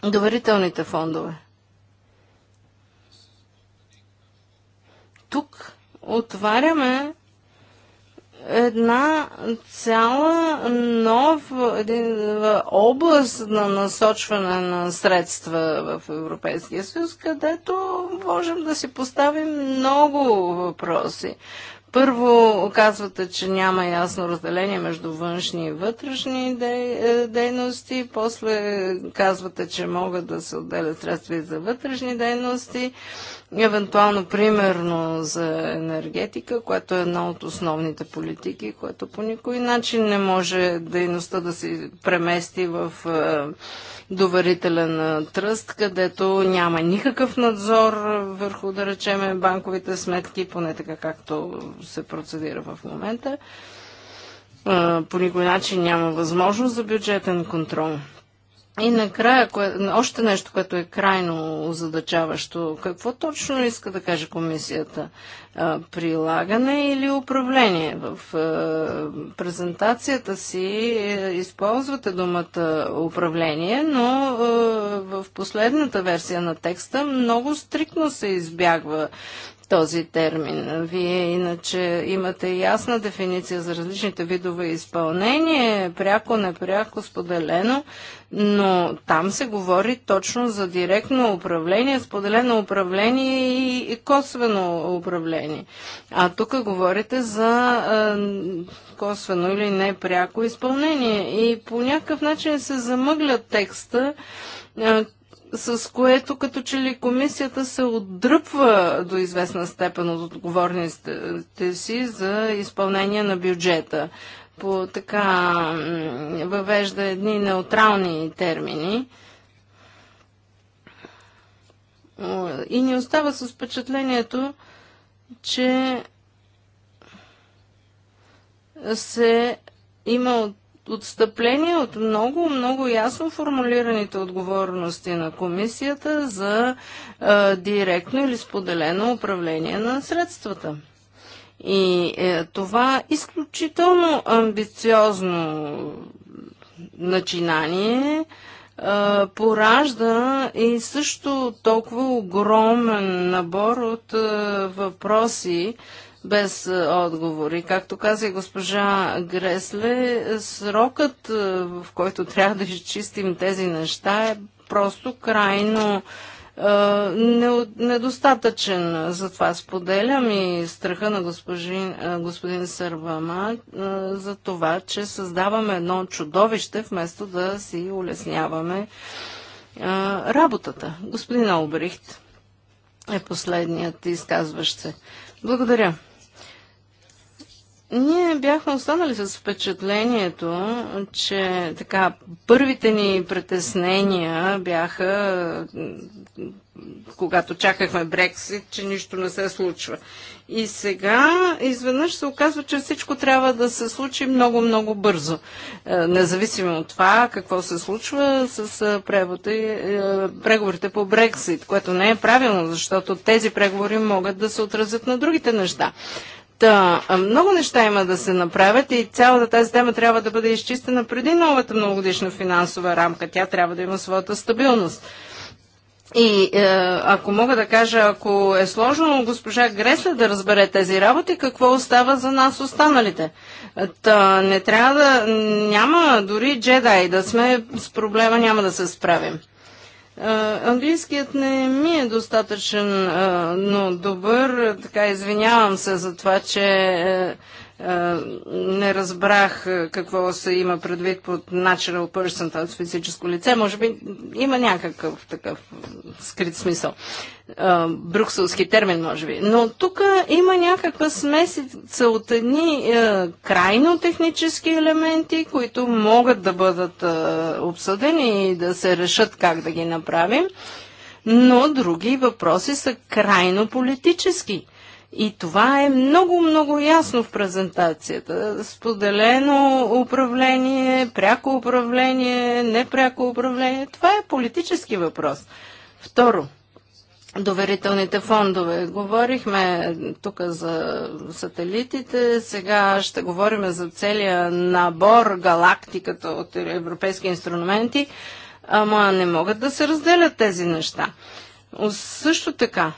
Speaker 4: Доверителните фондове. тук отваряме една цяла нова област на насочване на средства в Европейския съюз, където можем да си поставим много въпроси. Първо, казвате, че няма ясно разделение между външни и вътрешни дей, е, дейности. После казвате, че могат да се отделят средства и за вътрешни дейности евентуално примерно за енергетика, което е една от основните политики, което по никой начин не може дейността да се премести в е, доверителен е, тръст, където няма никакъв надзор върху, да речем, банковите сметки, поне така както се процедира в момента. Е, по никой начин няма възможност за бюджетен контрол. И накрая, кое, още нещо, което е крайно озадачаващо. Какво точно иска да каже комисията? Прилагане или управление? В презентацията си е, използвате думата управление, но в последната версия на текста много стриктно се избягва този термин. Вие иначе имате ясна дефиниция за различните видове изпълнение, пряко, непряко, споделено, но там се говори точно за директно управление, споделено управление и косвено управление. А тук говорите за косвено или непряко изпълнение и по някакъв начин се замъгля текста, с което като че ли комисията се отдръпва до известна степен от отговорностите си за изпълнение на бюджета. По така въвежда едни неутрални термини и ни остава с впечатлението, че се има отстъпление от много, много ясно формулираните отговорности на комисията за а, директно или споделено управление на средствата. И е, това изключително амбициозно начинание поражда и също толкова огромен набор от въпроси, без е, отговори. Както каза и госпожа Гресле, срокът, е, в който трябва да изчистим тези неща е просто крайно е, недостатъчен. Затова споделям и страха на господин, господин Сървама за това, че създаваме едно чудовище, вместо да си улесняваме работата. Господин Албрихт е последният изказващ се. Благодаря. Ние бяхме останали с впечатлението, че така, първите ни притеснения бяха, когато чакахме Брексит, че нищо не се случва. И сега изведнъж се оказва, че всичко трябва да се случи много-много бързо. Е, независимо от това, какво се случва с е, е, преговорите по Брексит, което не е правилно, защото тези преговори могат да се отразят на другите неща. Та, много неща има да се направят и цялата тази тема трябва да бъде изчистена преди новата многогодишна финансова рамка. Тя трябва да има своята стабилност. И е, ако мога да кажа, ако е сложно госпожа Гресле да разбере тези работи, какво остава за нас останалите? Та, не трябва да... Няма дори джедай да сме с проблема, няма да се справим английският не ми е достатъчен, но добър. Така извинявам се за това, че е, е, не разбрах е, какво се има предвид под natural person, т.е. физическо лице. Може би има някакъв такъв скрит смисъл. Е, брюкселски термин, може би. Но тук има някаква смесица от едни крайно технически елементи, които могат да бъдат обсъдени и да се решат как да ги направим. Но други въпроси са крайно политически и това е много, много ясно в презентацията. Споделено управление, пряко управление, непряко управление. Това е политически въпрос. Второ, доверителните фондове. Говорихме тук за сателитите, сега ще говорим за целия набор, галактиката от европейски инструменти, ама не могат да се разделят тези неща. Също така,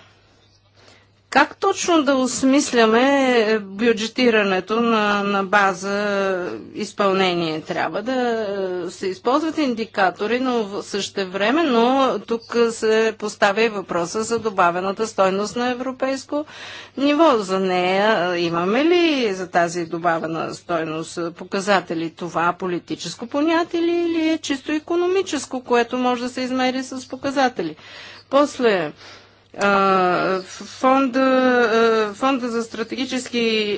Speaker 4: как точно да осмисляме бюджетирането на, на база изпълнение? Трябва да е, се използват индикатори, но но тук се поставя и въпроса за добавената стойност на европейско ниво. За нея имаме ли за тази добавена стойност показатели? Това политическо понятие ли или е чисто економическо, което може да се измери с показатели? После фонда, фонда за стратегически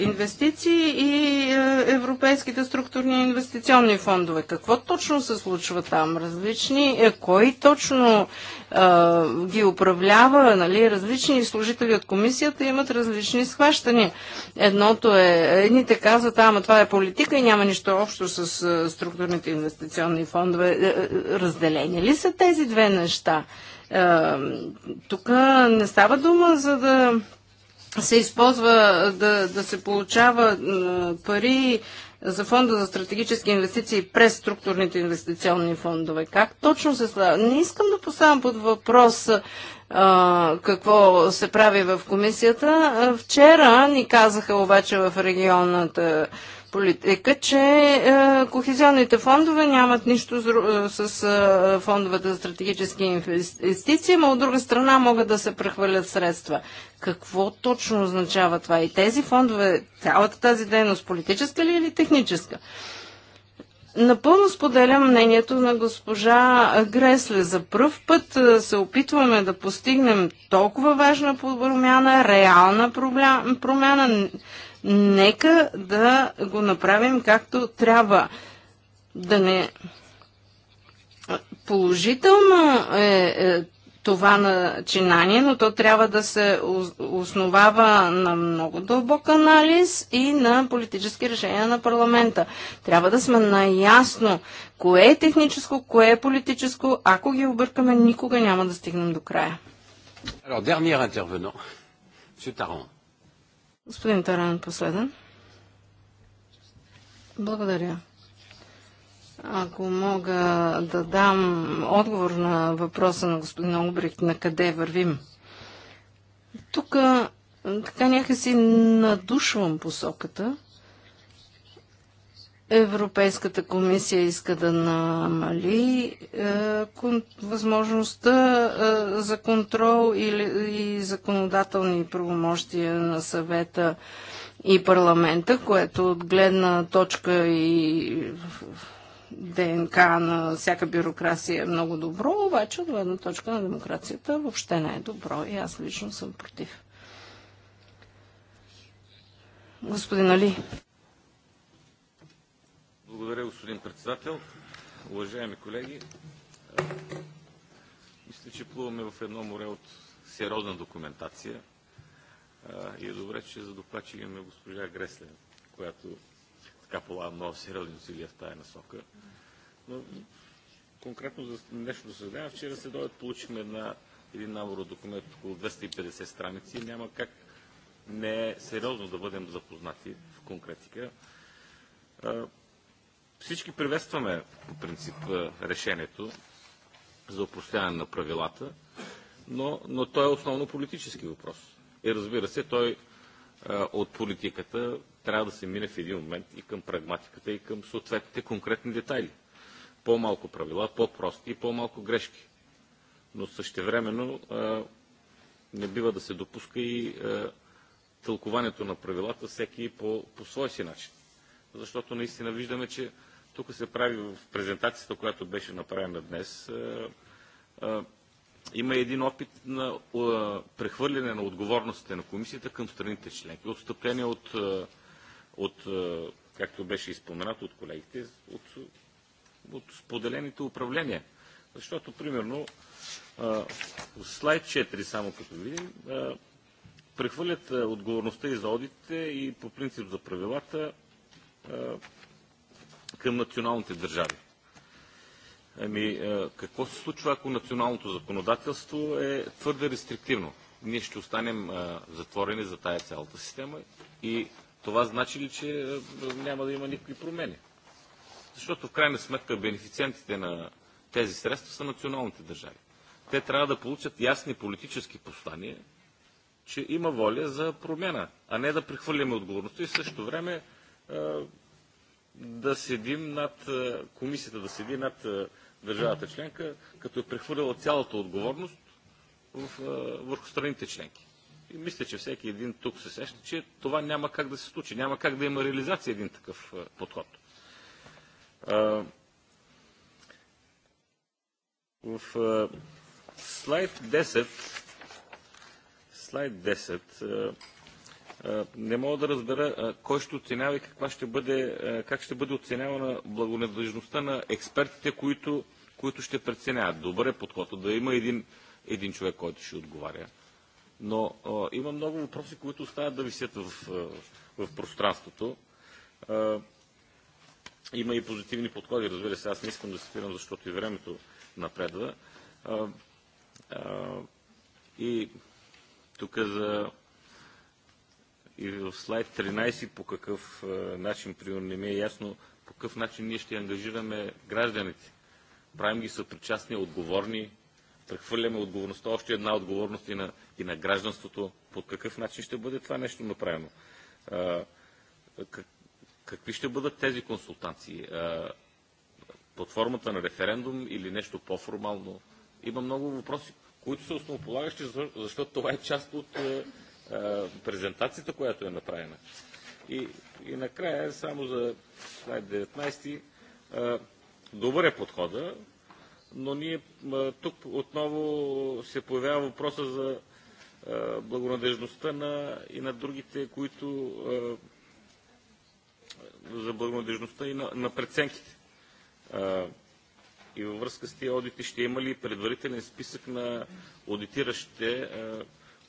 Speaker 4: инвестиции и европейските структурни инвестиционни фондове. Какво точно се случва там? Различни, е, кой точно ги управлява, нали, различни служители от комисията имат различни схващания. Едното е, едните казват, ама това е политика и няма нищо общо с структурните инвестиционни фондове. Е, е, разделени ли са тези две неща? Тук не става дума за да се използва да, да се получава пари за фонда за стратегически инвестиции през структурните инвестиционни фондове. Как точно се слага? Не искам да поставям под въпрос а, какво се прави в комисията. Вчера ни казаха обаче в регионната политика, че е, кохезионните фондове нямат нищо е, с, е, фондовата фондовете за стратегически инвестиции, но от друга страна могат да се прехвърлят средства. Какво точно означава това? И тези фондове, цялата тази дейност, политическа ли или техническа? Напълно споделям мнението на госпожа Гресле. За пръв път се опитваме да постигнем толкова важна промяна, реална промяна, нека да го направим както трябва. Да не. Положително е, е това начинание, но то трябва да се основава на много дълбок анализ и на политически решения на парламента. Трябва да сме наясно кое е техническо, кое е политическо. Ако ги объркаме, никога няма да стигнем до края.
Speaker 2: Alors, dernier intervenant, M.
Speaker 4: Господин Таран, последен. Благодаря. Ако мога да дам отговор на въпроса на господин Обрик, на къде вървим. Тук така някакси надушвам посоката. Европейската комисия иска да намали е, кон, възможността е, за контрол или, и законодателни правомощия на съвета и парламента, което от гледна точка и ДНК на всяка бюрокрация е много добро, обаче от гледна точка на демокрацията въобще не е добро и аз лично съм против. Господин Али.
Speaker 2: Благодаря, господин председател. Уважаеми колеги, мисля, че плуваме в едно море от сериозна документация. И е добре, че за докладчик имаме госпожа Гресле, която така полага много сериозни усилия в тая насока. Но конкретно за днешното създание, вчера се дойдат, получихме една, един набор от документ, около 250 страници. Няма как не е сериозно да бъдем запознати в конкретика. Всички приветстваме по принцип е, решението за опростяване на правилата, но, но той е основно политически въпрос. И разбира се, той а, е, от политиката трябва да се мине в един момент и към прагматиката, и към съответните конкретни детайли. По-малко правила, по-прости и по-малко грешки. Но същевременно а, е, не бива да се допуска и а, тълкуването на правилата всеки по, по свой си начин. Защото наистина виждаме, че тук се прави в презентацията, която беше направена днес, е, е, има един опит на е, прехвърляне на отговорностите на комисията към страните членки. Отстъпление от, от както беше изпоменато от колегите, от, от споделените управления. Защото, примерно, в слайд 4 само като видим, прехвърлят отговорността и за одитите и по принцип за правилата към националните държави. Ами, е, какво се случва, ако националното законодателство е твърде рестриктивно? Ние ще останем е, затворени за тая цялата система и това значи ли, че е, няма да има никакви промени? Защото в крайна сметка бенефициентите на тези средства са националните държави. Те трябва да получат ясни политически послания, че има воля за промяна, а не да прехвърляме отговорността и в същото време да седим над е, комисията, да седи над е, държавата членка, като е прехвърляла цялата отговорност е, върху страните членки. И мисля, че всеки един тук се сеща, че това няма как да се случи. Няма как да има реализация един такъв подход. В слайд 10, слайд 10 не мога да разбера кой ще оценява и каква ще бъде, как ще бъде оценявана благонадлежността на експертите, които, които ще преценяват. Добър е подходът да има един, един човек, който ще отговаря. Но а, има много въпроси, които остават да висят в, в пространството. А, има и позитивни подходи, разбира се. Аз не искам да се спирам, защото и времето напредва. А, а, и тук за и в слайд 13 по какъв е, начин, примерно не ми е ясно, по какъв начин ние ще ангажираме гражданите. Правим ги съпричастни, отговорни, прехвърляме отговорността, още една отговорност и на, и на гражданството. По какъв начин ще бъде това нещо направено? А, как, какви ще бъдат тези консултации? А, под формата на референдум или нещо по-формално? Има много въпроси, които са основополагащи, защото това е част от е, презентацията, която е направена. И, и накрая, само за слайд 19, добър е подхода, но ние тук отново се появява въпроса за благонадежността на, и на другите, които за благонадежността и на, на преценките. И във връзка с тези одити ще има ли предварителен списък на аудитиращите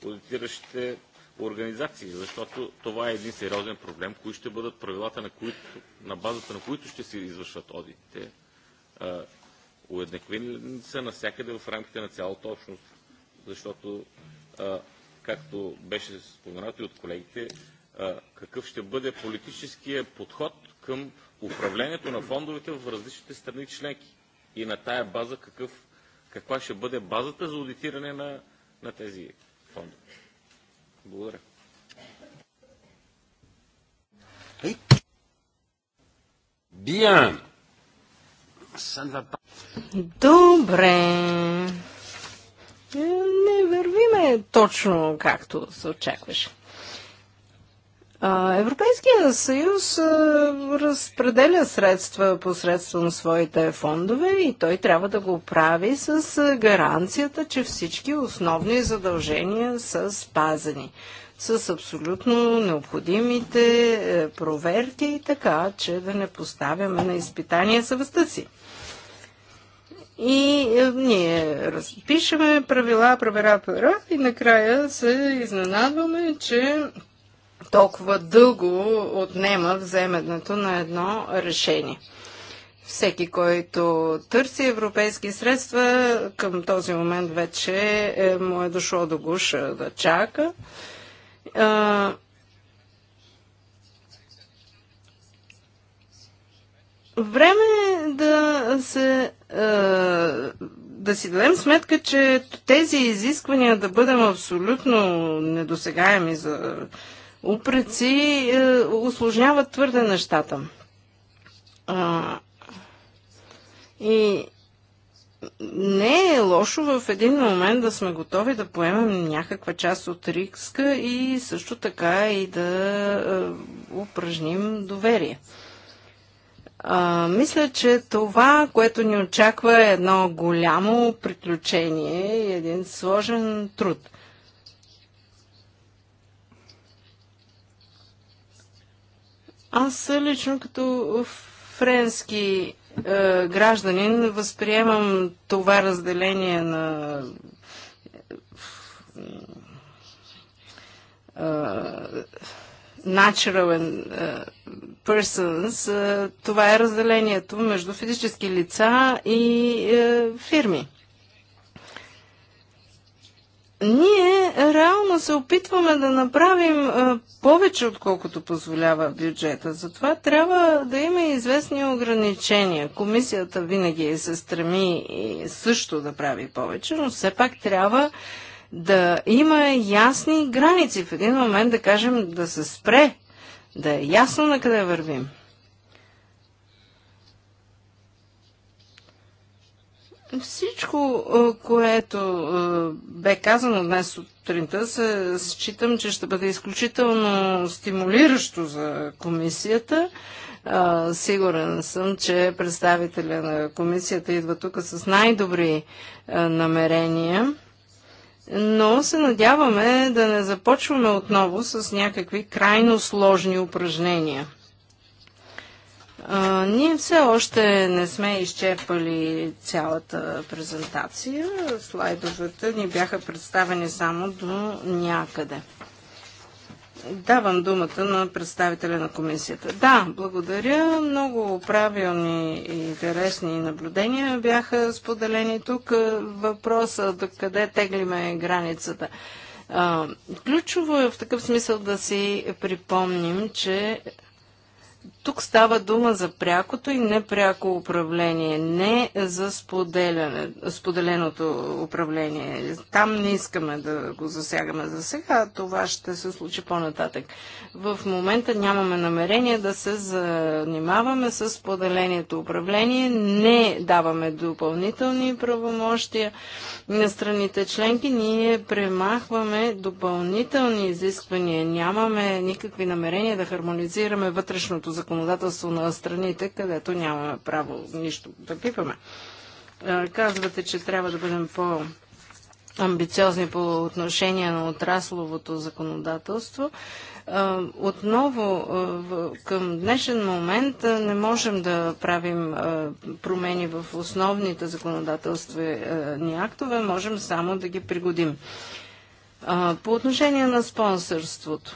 Speaker 2: аудитиращите организации, защото това е един сериозен проблем, кои ще бъдат правилата, на, които, на базата на които ще се извършват одитите. Уеднаквени са навсякъде в рамките на цялата общност, защото, а, както беше споменато и от колегите, а, какъв ще бъде политическия подход към управлението на фондовете в различните страни членки и на тая база какъв, каква ще бъде базата за аудитиране на, на тези фонда. Благодаря. Bien.
Speaker 4: Добре. Е, не вървиме точно както се очакваше. Европейския съюз разпределя средства посредством своите фондове и той трябва да го прави с гаранцията, че всички основни задължения са спазени с абсолютно необходимите е, проверки, така че да не поставяме на изпитание съвестта си. И е, ние пишеме правила, правила, правила и накрая се изненадваме, че толкова дълго отнема вземането на едно решение. Всеки, който търси европейски средства, към този момент вече е, му е дошло до гуша да чака. А, време е да се да си дадем сметка, че тези изисквания да бъдем абсолютно недосегаеми за упреци осложняват е, твърде нещата. А, и не е лошо в един момент да сме готови да поемем някаква част от риска и също така и да е, упражним доверие. А, мисля, че това, което ни очаква е едно голямо приключение и един сложен труд – Аз лично като френски е, гражданин възприемам това разделение на е, natural and, е, persons, Е, това е разделението между физически лица и е, фирми. Ние реално се опитваме да направим а, повече, отколкото позволява бюджета. Затова трябва да има известни ограничения. Комисията винаги се стреми също да прави повече, но все пак трябва да има ясни граници. В един момент да кажем да се спре, да е ясно на къде вървим. Всичко, е, което е, бе казано днес сутринта, се считам, че ще бъде изключително стимулиращо за комисията. Е, сигурен съм, че представителя на комисията идва тук с най-добри намерения, но се надяваме да не започваме отново с някакви крайно сложни упражнения – а, ние все още не сме изчерпали цялата презентация. Слайдовете ни бяха представени само до някъде. Давам думата на представителя на комисията. Да, благодаря. Много правилни и интересни наблюдения бяха споделени тук. Въпроса до къде теглиме границата. А, ключово е в такъв смисъл да си припомним, че тук става дума за прякото и непряко управление, не за споделеното управление. Там не искаме да го засягаме за сега, това ще се случи по-нататък. В момента нямаме намерение да се занимаваме с споделеното управление, не даваме допълнителни правомощия на страните членки, ние премахваме допълнителни изисквания, нямаме никакви намерения да хармонизираме вътрешното законодателство законодателство на страните, където нямаме право нищо да пипаме. Казвате, че трябва да бъдем по- амбициозни по отношение на отрасловото законодателство. Отново към днешен момент не можем да правим промени в основните законодателствени актове, можем само да ги пригодим. По отношение на спонсорството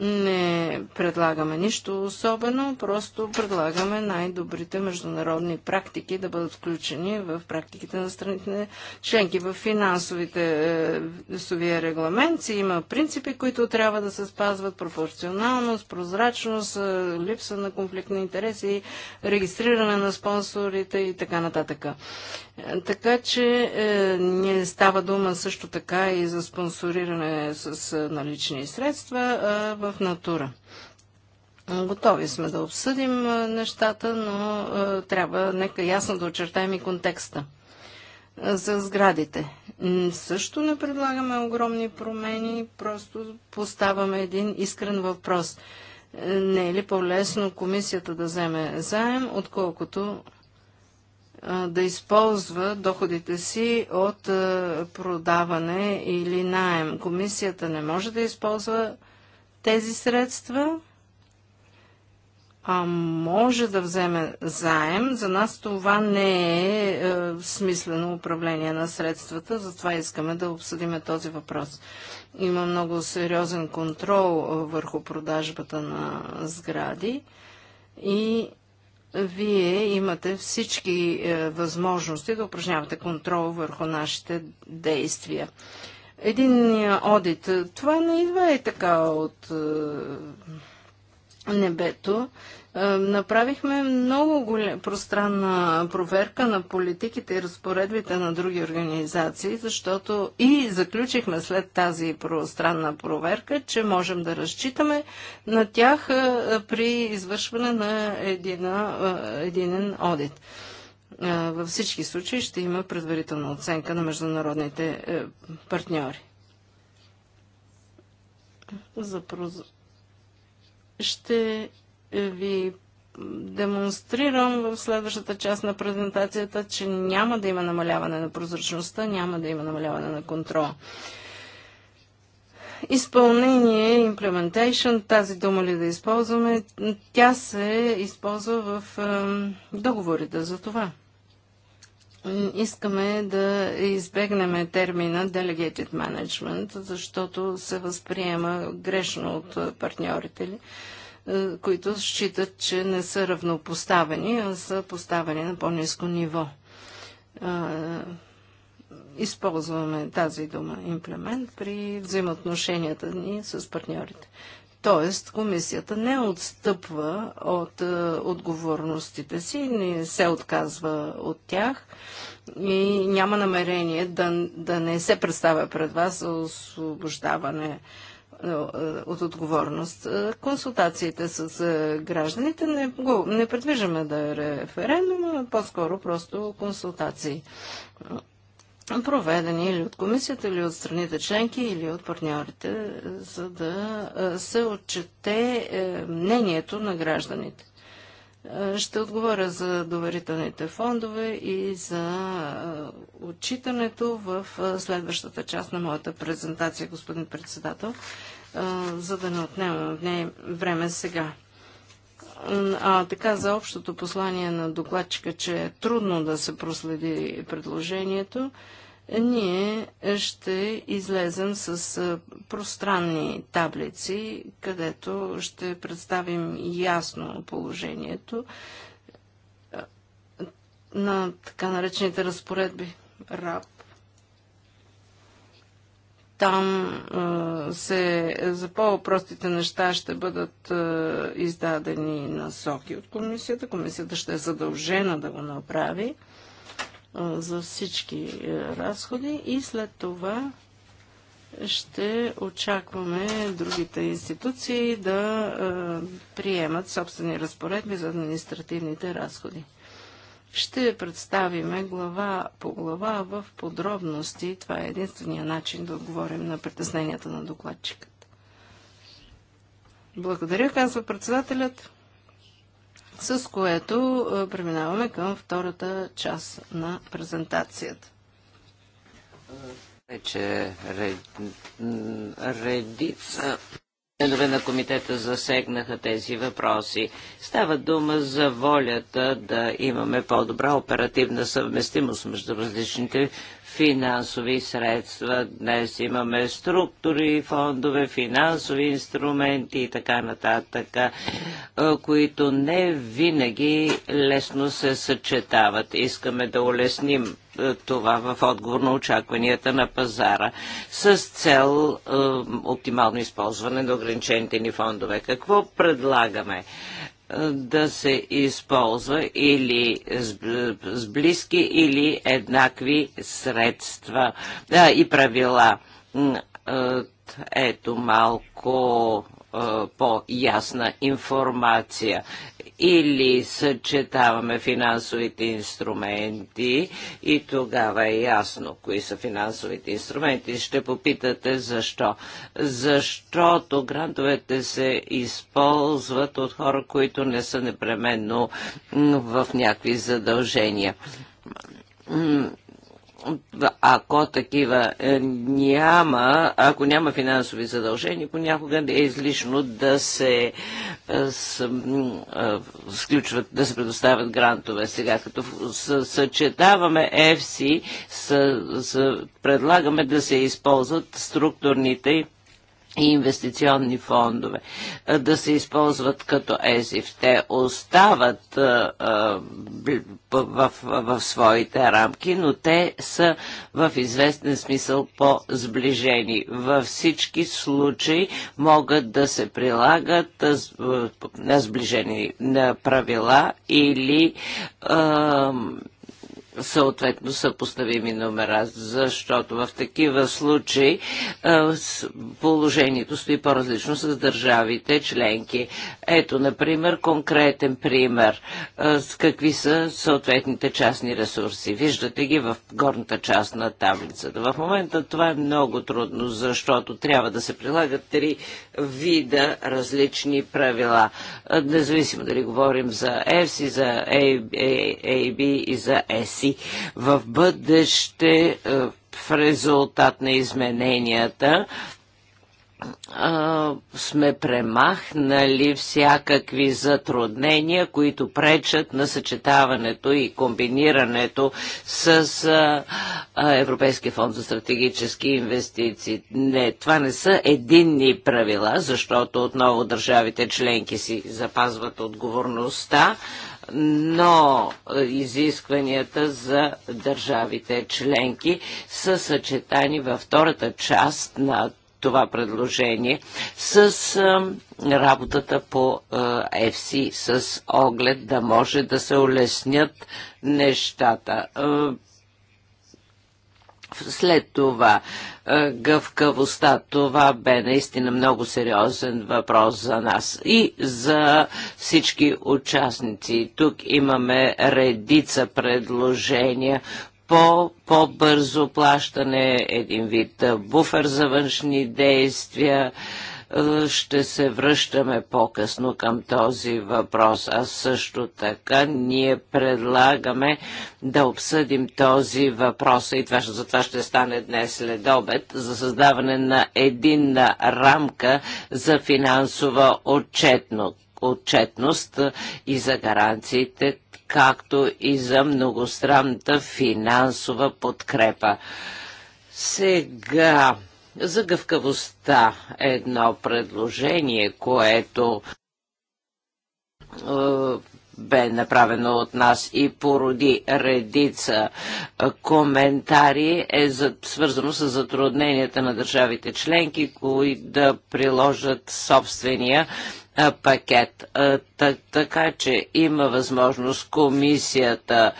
Speaker 4: не предлагаме нищо особено, просто предлагаме най-добрите международни практики да бъдат включени в практиките на страните членки. В финансовите е, совия регламент има принципи, които трябва да се спазват пропорционалност, прозрачност, е, липса на конфликт на интереси, регистриране на спонсорите и така нататък. Е, така че е, не става дума също така и за спонсориране с налични средства, а в натура. Готови сме да обсъдим нещата, но трябва нека ясно да очертаем и контекста. За сградите. Също не предлагаме огромни промени, просто поставаме един искрен въпрос. Е, не е ли по-лесно комисията да вземе заем, отколкото да използва доходите си от продаване или наем? Комисията не може да използва тези средства, а може да вземе заем. За нас това не е, е смислено управление на средствата, затова искаме да обсъдиме този въпрос. Има много сериозен контрол е, върху продажбата на сгради и вие имате всички е, възможности да упражнявате контрол върху нашите действия един одит. Това не идва е така от е, небето. Е, направихме много голем, пространна проверка на политиките и разпоредбите на други организации, защото и заключихме след тази пространна проверка, че можем да разчитаме на тях е, при извършване на един е, одит. Във всички случаи ще има предварителна оценка на международните е, партньори. Ще е, ви демонстрирам в следващата част на презентацията, че няма да има намаляване на прозрачността, няма да има намаляване на контрол. Изпълнение, implementation, тази дума ли да използваме, тя се използва в е, договорите за това искаме да избегнем термина delegated management, защото се възприема грешно от партньорите ли, е, които считат, че не са равнопоставени, а са поставени на по-низко ниво. Е, използваме тази дума имплемент при взаимоотношенията ни с партньорите. Тоест, комисията не отстъпва от а, е, отговорностите си, не се отказва от тях и няма намерение да, да не се представя пред вас за освобождаване е, от отговорност. Е, консултациите с гражданите не, го, не предвиждаме да е референдум, а по-скоро просто консултации проведени или от комисията, или от страните членки, или от партньорите, за да се отчете е, мнението на гражданите. Ще отговоря за доверителните фондове и за отчитането в следващата част на моята презентация, господин председател, за да не отнемам време сега. А така за общото послание на докладчика, че е трудно да се проследи предложението, ние ще излезем с пространни таблици, където ще представим ясно положението на така наречените разпоредби РАП там се, за по-простите неща ще бъдат издадени насоки от комисията. Комисията ще е задължена да го направи за всички разходи и след това ще очакваме другите институции да приемат собствени разпоредби за административните разходи ще представиме глава по глава в подробности. Това е единствения начин да отговорим на притесненията на докладчика. Благодаря, казва председателят, с което е, преминаваме към втората част на презентацията.
Speaker 1: Вече ред, редица членове на комитета засегнаха тези въпроси. Става дума за волята да имаме по-добра оперативна съвместимост между различните финансови средства. Днес имаме структури, фондове, финансови инструменти и така нататък, които не винаги лесно се съчетават. Искаме да улесним това в отговор на очакванията на пазара с цел е, оптимално използване на ограничените ни фондове. Какво предлагаме? да се използва или с близки или еднакви средства и правила. Ето малко по-ясна информация или съчетаваме финансовите инструменти и тогава е ясно кои са финансовите инструменти. Ще попитате защо. Защото грантовете се използват от хора, които не са непременно в някакви задължения ако такива е, няма, ако няма финансови задължения, понякога е излишно да се е, е, сключват, да се предоставят грантове. Сега, като съчетаваме EFSI, предлагаме да се използват структурните и инвестиционни фондове да се използват като ЕСИФ. Те остават а, в, в, в своите рамки, но те са в известен смисъл по-сближени. Във всички случаи могат да се прилагат на сближени правила или съответно съпоставими номера, защото в такива случаи положението стои по-различно с държавите членки. Ето, например, конкретен пример с какви са съответните частни ресурси. Виждате ги в горната част на таблицата. В момента това е много трудно, защото трябва да се прилагат три вида различни правила. Независимо дали говорим за FC, за AB и за ESI. В бъдеще в резултат на измененията а, сме премахнали всякакви затруднения, които пречат на съчетаването и комбинирането с а, а, Европейския фонд за стратегически инвестиции. Не, това не са единни правила, защото отново държавите членки си запазват отговорността но изискванията за държавите членки са съчетани във втората част на това предложение с работата по FC, с оглед да може да се улеснят нещата. След това гъвкавостта, това бе наистина много сериозен въпрос за нас и за всички участници. Тук имаме редица предложения по по-бързо плащане, един вид буфер за външни действия. Ще се връщаме по-късно към този въпрос. А също така ние предлагаме да обсъдим този въпрос и това, за това ще стане днес след обед, за създаване на единна рамка за финансова отчетност отчетност и за гаранциите, както и за многостранната финансова подкрепа. Сега за гъвкавостта е едно предложение, което е, бе направено от нас и породи редица е, коментари е за, свързано с затрудненията на държавите членки, кои да приложат собствения пакет. Така че има възможност комисията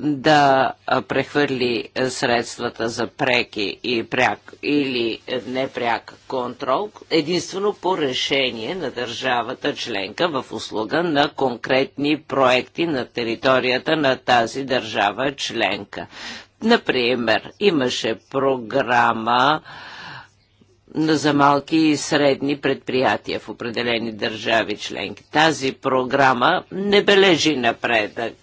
Speaker 1: да прехвърли средствата за преки и пряк или непряк контрол, единствено по решение на държавата членка в услуга на конкретни проекти на територията на тази държава членка. Например, имаше програма за малки и средни предприятия в определени държави членки. Тази програма не бележи напредък.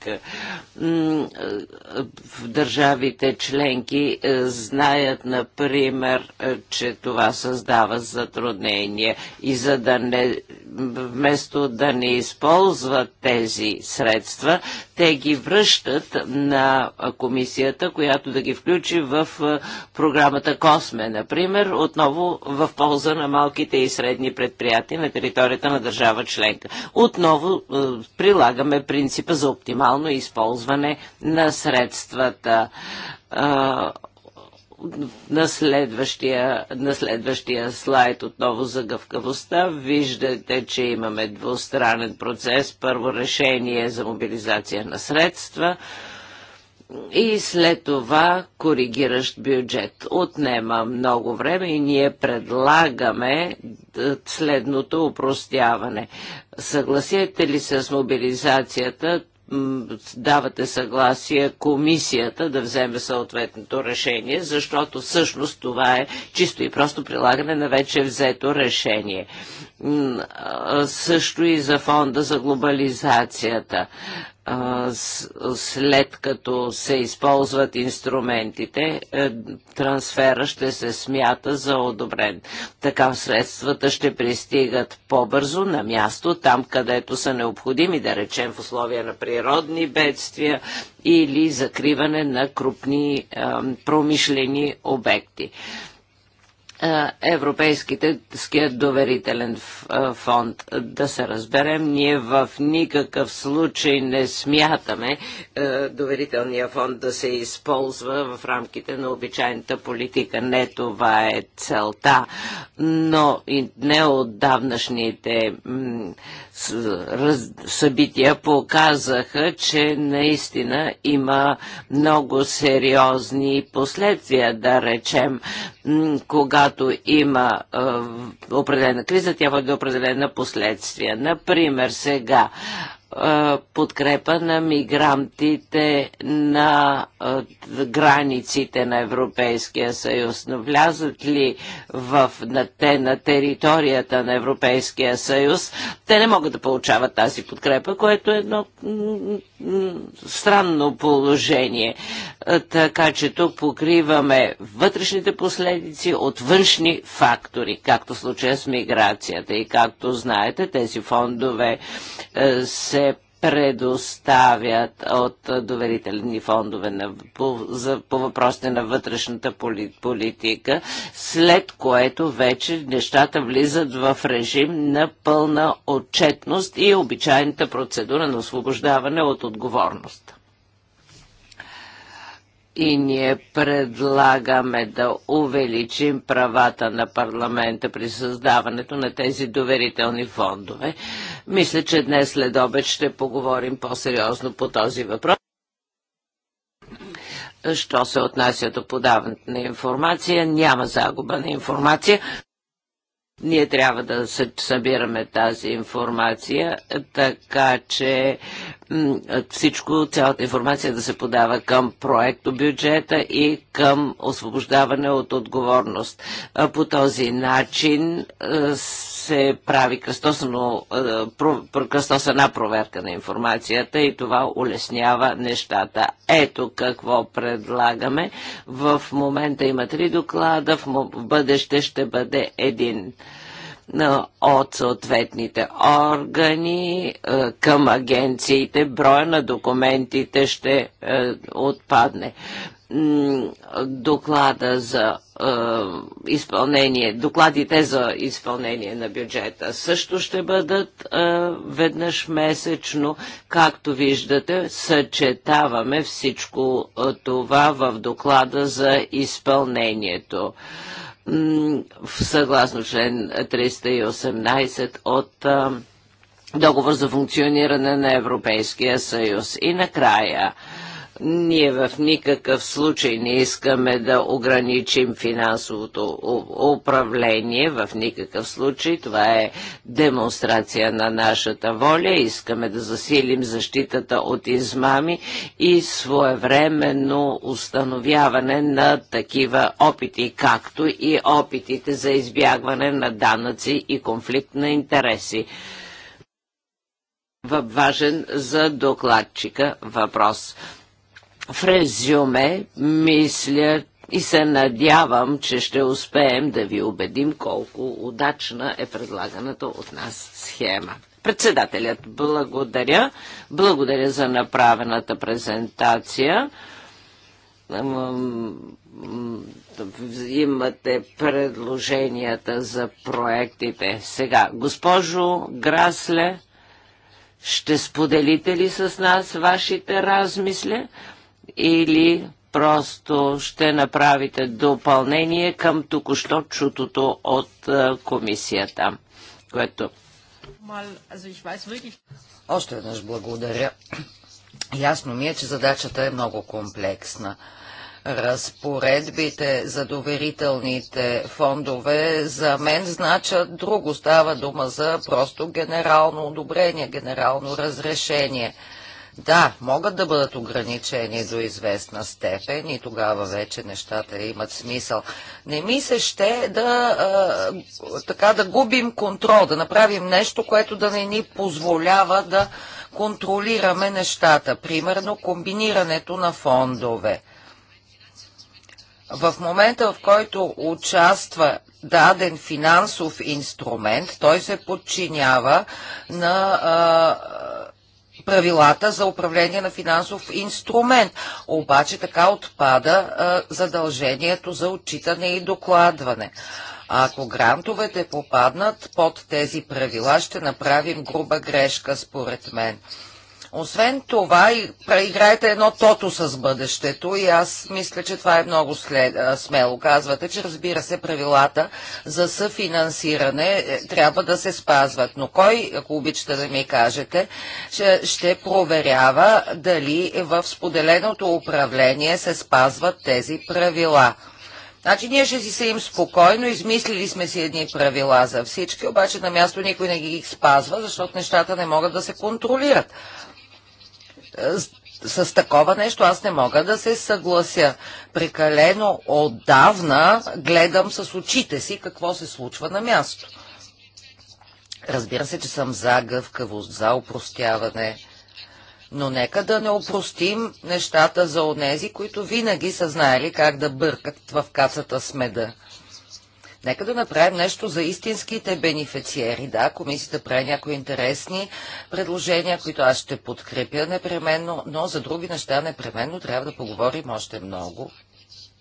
Speaker 1: В държавите членки е, знаят, например, е, че това създава затруднение и за да не, вместо да не използват тези средства, те ги връщат на комисията, която да ги включи в е, програмата Косме, например, отново в полза на малките и средни предприятия на територията на държава членка. Отново е, прилагаме принципа за оптимално използване на средствата е, на следващия, на следващия слайд отново за гъвкавостта. Виждате, че имаме двустранен процес. Първо решение за мобилизация на средства и след това коригиращ бюджет. Отнема много време и ние предлагаме е, следното упростяване. Съгласете ли с мобилизацията давате съгласие комисията да вземе съответното решение, защото всъщност това е чисто и просто прилагане на вече взето решение също и за фонда за глобализацията. След като се използват инструментите, е, трансфера ще се смята за одобрен. Така средствата ще пристигат по-бързо на място, там където са необходими, да речем в условия на природни бедствия или закриване на крупни промишлени обекти. Е, Европейските доверителен е, фонд. Да се разберем, ние в никакъв случай не смятаме е, доверителния фонд да се използва в рамките на обичайната политика. Не това е целта, но и не отдавнашните събития показаха, че наистина има много сериозни последствия, да речем, когато има определена криза, тя води до определена последствия. Например, сега е, подкрепа на мигрантите на е, границите на Европейския съюз. Но влязат ли в, на, те, на територията на Европейския съюз, те не могат да получават тази подкрепа, което е едно странно положение. Е, така че тук покриваме вътрешните последици от външни фактори, както в случая с миграцията. И както знаете, тези фондове се предоставят от доверителни фондове на, по, за, по въпросите на вътрешната политика, след което вече нещата влизат в режим на пълна отчетност и обичайната процедура на освобождаване от отговорност и ние предлагаме да увеличим правата на парламента при създаването на тези доверителни фондове. Мисля, че днес след обед ще поговорим по-сериозно по този въпрос. Що се отнася до подаването на информация, няма загуба на информация. Ние трябва да събираме тази информация, така че всичко, цялата информация да се подава към проекто бюджета и към освобождаване от отговорност. По този начин се прави кръстосана проверка на информацията и това улеснява нещата. Ето какво предлагаме. В момента има три доклада, в бъдеще ще бъде един от съответните органи е, към агенциите, броя на документите ще е, отпадне доклада за е, изпълнение, докладите за изпълнение на бюджета също ще бъдат е, веднъж месечно. Както виждате, съчетаваме всичко е, това в доклада за изпълнението. Е, съгласно член 318 от договор за функциониране на Европейския съюз. И накрая, ние в никакъв случай не искаме да ограничим финансовото управление, в никакъв случай. Това е демонстрация на нашата воля. Искаме да засилим защитата от измами и своевременно установяване на такива опити, както и опитите за избягване на данъци и конфликт на интереси важен за докладчика въпрос. В резюме, мисля и се надявам, че ще успеем да ви убедим колко удачна е предлаганата от нас схема. Председателят, благодаря. Благодаря за направената презентация имате предложенията за проектите. Сега, госпожо Грасле, ще споделите ли с нас вашите размисли? или просто ще направите допълнение към току-що чутото от е, комисията, което... Още веднъж благодаря.
Speaker 3: Ясно ми е, че задачата е много комплексна разпоредбите за доверителните фондове за мен значат друго. Става дума за просто генерално одобрение, генерално разрешение. Да, могат да бъдат ограничени до известна степен и тогава вече нещата имат смисъл. Не ми се ще да, а, така, да губим контрол, да направим нещо, което да не ни позволява да контролираме нещата. Примерно комбинирането на фондове. В момента, в който участва даден финансов инструмент, той се подчинява на а, правилата за управление на финансов инструмент. Обаче така отпада задължението за отчитане и докладване. А ако грантовете попаднат под тези правила, ще направим груба грешка, според мен. Освен това, играете едно тото с бъдещето и аз мисля, че това е много след, смело. Казвате, че разбира се, правилата за съфинансиране е, трябва да се спазват. Но кой, ако обичате да ми кажете, ще, ще проверява дали в споделеното управление се спазват тези правила? Значи ние ще си се им спокойно, измислили сме си едни правила за всички, обаче на място никой не ги спазва, защото нещата не могат да се контролират с такова нещо аз не мога да се съглася. Прекалено отдавна гледам с очите си какво се случва на място. Разбира се, че съм за гъвкавост, за упростяване, но нека да не упростим нещата за онези, които винаги са знаели как да бъркат в кацата с меда. Нека да направим нещо за истинските бенефициери. Да, комисията прави някои интересни предложения, които аз ще подкрепя непременно, но за други неща непременно трябва да поговорим още много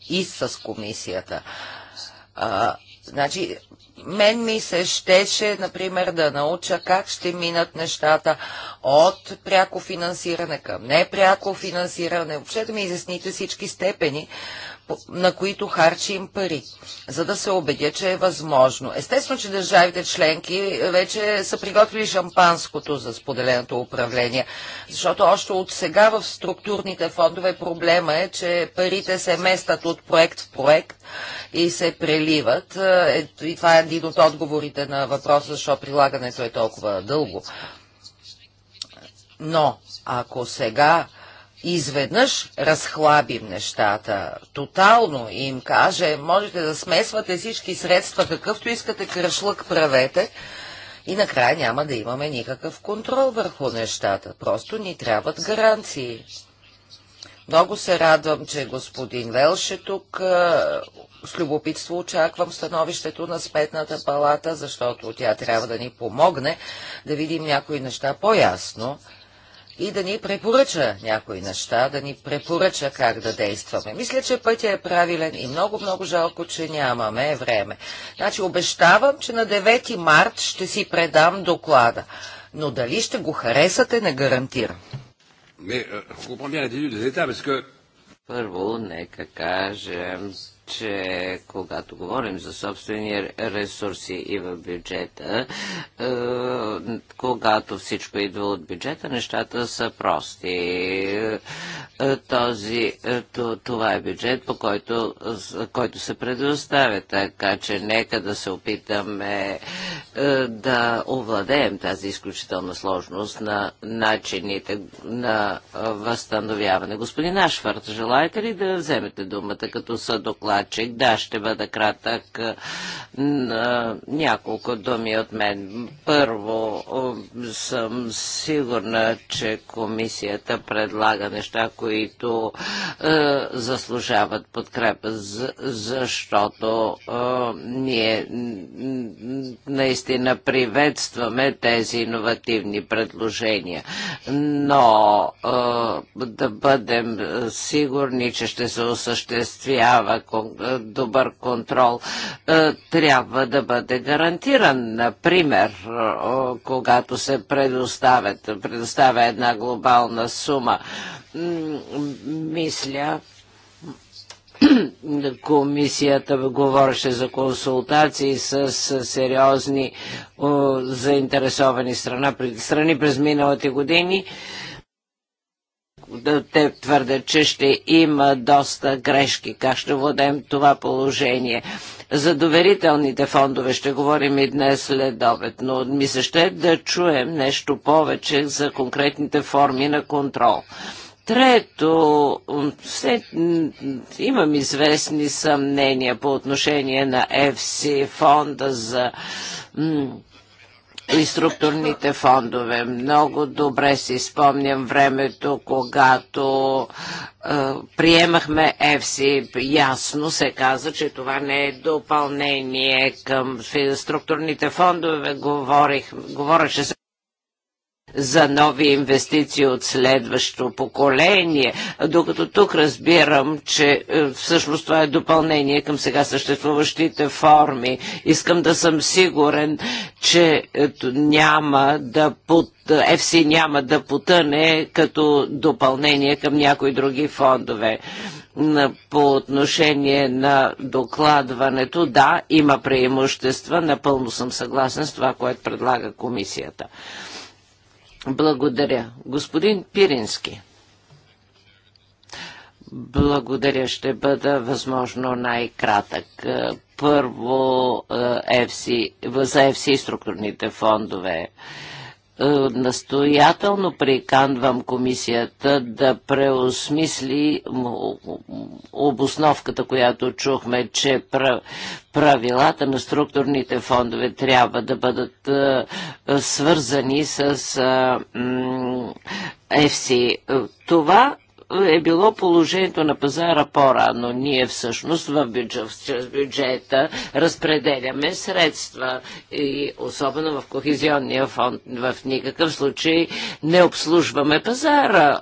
Speaker 3: и с комисията. А, значи, мен ми се щеше, например, да науча как ще минат нещата от пряко финансиране към непряко финансиране. Въобще да ми изясните всички степени на които харчим пари, за да се убедя, че е възможно. Естествено, че държавите членки вече са приготвили шампанското за споделеното управление, защото още от сега в структурните фондове проблема е, че парите се местат от проект в проект и се преливат. Е, и това е един от отговорите на въпроса, защо прилагането е толкова дълго. Но ако сега изведнъж разхлабим нещата, тотално им каже, можете да смесвате всички средства, какъвто искате кръшлък правете, и накрая няма да имаме никакъв контрол върху нещата. Просто ни трябват гаранции. Много се радвам, че господин Велш е тук. Е, с любопитство очаквам становището на Сметната палата, защото тя трябва да ни помогне да видим някои неща по-ясно и да ни препоръча някои неща, да ни препоръча как да действаме. Мисля, че пътя е правилен и много-много жалко, че нямаме време. Значи обещавам, че на 9 март ще си предам доклада, но дали ще го харесате, не гарантирам.
Speaker 1: Е, Първо, нека кажем, че когато говорим за собствени ресурси и в бюджета, е, когато всичко идва от бюджета, нещата са прости. Е, този, е, това е бюджет, по който, който се предоставя, така че нека да се опитаме е, да овладеем тази изключителна сложност на начините на е, възстановяване. Господин Ашвард, желаете ли да вземете думата като съдокладчик? Да, ще бъда кратък. Е, няколко думи от мен. Първо, съм сигурна, че комисията предлага неща, които заслужават подкрепа, защото ние не наистина приветстваме тези иновативни предложения. Но е, да бъдем сигурни, че ще се осъществява добър контрол, е, трябва да бъде гарантиран. Например, е, когато се предоставя една глобална сума, мисля, Комисията говореше за консултации с сериозни о, заинтересовани страна, страни през миналите години те твърдят, че ще има доста грешки. Как ще водем това положение? За доверителните фондове ще говорим и днес след обед, но ми се ще е да чуем нещо повече за конкретните форми на контрол. Трето, все, имам известни съмнения по отношение на ФС фонда за и структурните фондове. Много добре си спомням времето, когато е, приемахме ЕФСИ. Ясно се каза, че това не е допълнение към структурните фондове. Говорих, говореше се за нови инвестиции от следващо поколение, докато тук разбирам, че е, всъщност това е допълнение към сега съществуващите форми. Искам да съм сигурен, че е, няма да под... FC е, няма да потъне като допълнение към някои други фондове по отношение на докладването. Да, има преимущества. Напълно съм съгласен с това, което предлага комисията. Благодаря. Господин Пирински. Благодаря, ще бъда възможно най-кратък. Е, първо е, за FC структурните фондове. Е, настоятелно приканвам комисията да преосмисли обосновката, която чухме, че правилата на структурните фондове трябва да бъдат е, свързани с е, ЕФСИ. Това е било положението на пазара по-рано. Ние всъщност в бюджет, чрез бюджета разпределяме средства и особено в Кохезионния фонд. В никакъв случай не обслужваме пазара.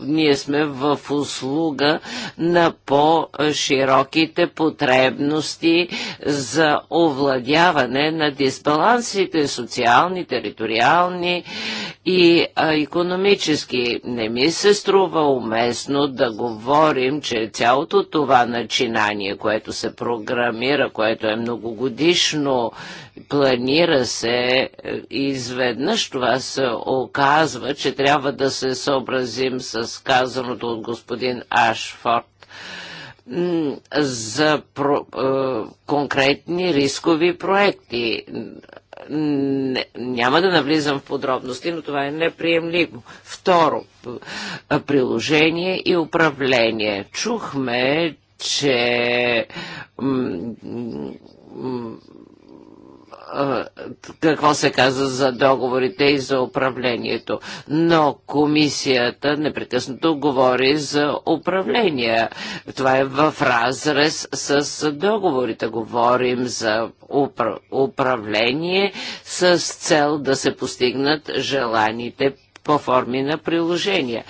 Speaker 1: Ние сме в услуга на по-широките потребности за овладяване на дисбалансите социални, териториални и економически. Не ми се струва уместно да говорим, че цялото това начинание, което се програмира, което е многогодишно, планира се е, изведнъж това се оказва, че трябва да се съобразим с казаното от господин Ашфорд за про, е, конкретни рискови проекти не, няма да навлизам в подробности, но това е неприемливо. Второ, приложение и управление. Чухме, че какво се каза за договорите и за управлението. Но комисията непрекъснато говори за управление. Това е в разрез с договорите. Говорим за упра... управление с цел да се постигнат желаните по форми на приложения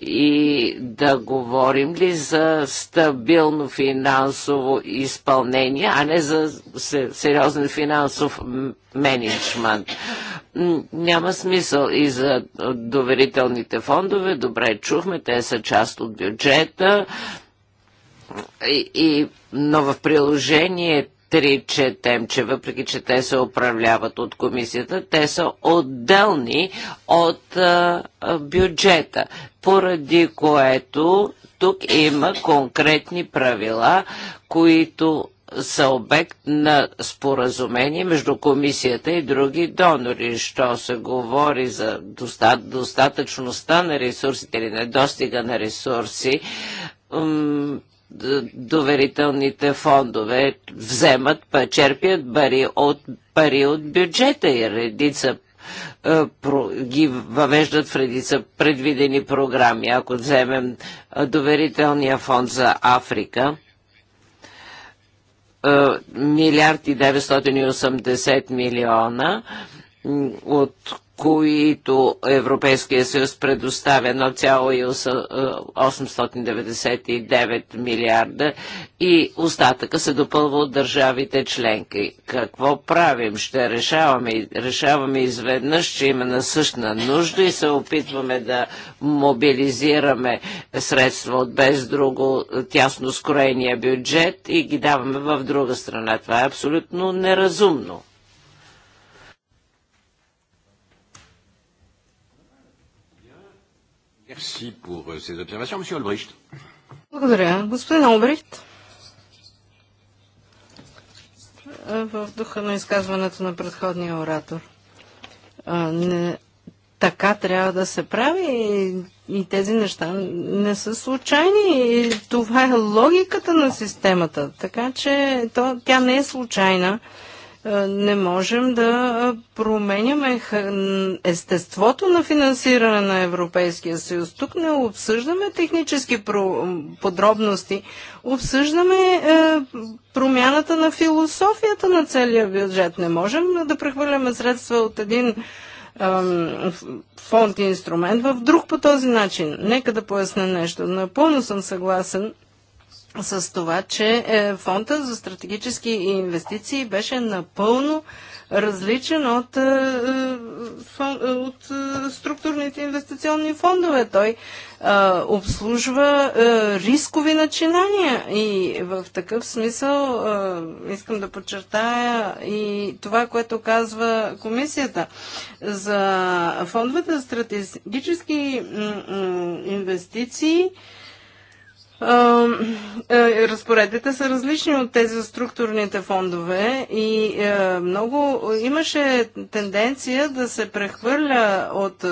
Speaker 1: и да говорим ли за стабилно финансово изпълнение, а не за сериозен финансов менеджмент. Няма смисъл и за доверителните фондове. Добре, чухме, те са част от бюджета. И, и, но в приложение Три четем, че въпреки, че те се управляват от комисията, те са отделни от а, бюджета, поради което тук има конкретни правила, които са обект на споразумение между комисията и други донори, що се говори за достатъчността на ресурсите или недостига на ресурси доверителните фондове вземат, черпят пари от, пари от бюджета и редица е, ги въвеждат в редица предвидени програми. Ако вземем е, доверителния фонд за Африка, е, милиард и 980 милиона, от които Европейския съюз предоставя 1,899 е, милиарда и остатъка се допълва от държавите членки. Какво правим? Ще решаваме, решаваме изведнъж, че има насъщна нужда и се опитваме да мобилизираме средства от без друго тясно скроения бюджет и ги даваме в друга страна. Това е абсолютно неразумно.
Speaker 2: Merci pour euh, ces observations. Monsieur Olbricht.
Speaker 4: Благодаря. Господин Олбрихт, в духа на изказването на предходния оратор, не, така трябва да се прави и, и тези неща не са случайни. И това е логиката на системата. Така че то, тя не е случайна. Е, не можем да е, променяме естеството на финансиране на Европейския съюз. Тук не обсъждаме технически подробности, обсъждаме е, промяната на философията на целия бюджет. Не можем да прехвърляме средства от един фонд и инструмент в друг по този начин. Нека да поясня нещо. Напълно съм съгласен с това, че е, фонда за стратегически инвестиции беше напълно различен от, е, е, от структурните инвестиционни фондове. Той обслужва рискови начинания и в такъв смисъл искам да подчертая и това, което казва комисията за фондовете за стратегически инвестиции. Е, Разпоредите са различни от тези за структурните фондове и е, много имаше тенденция да се прехвърля от е,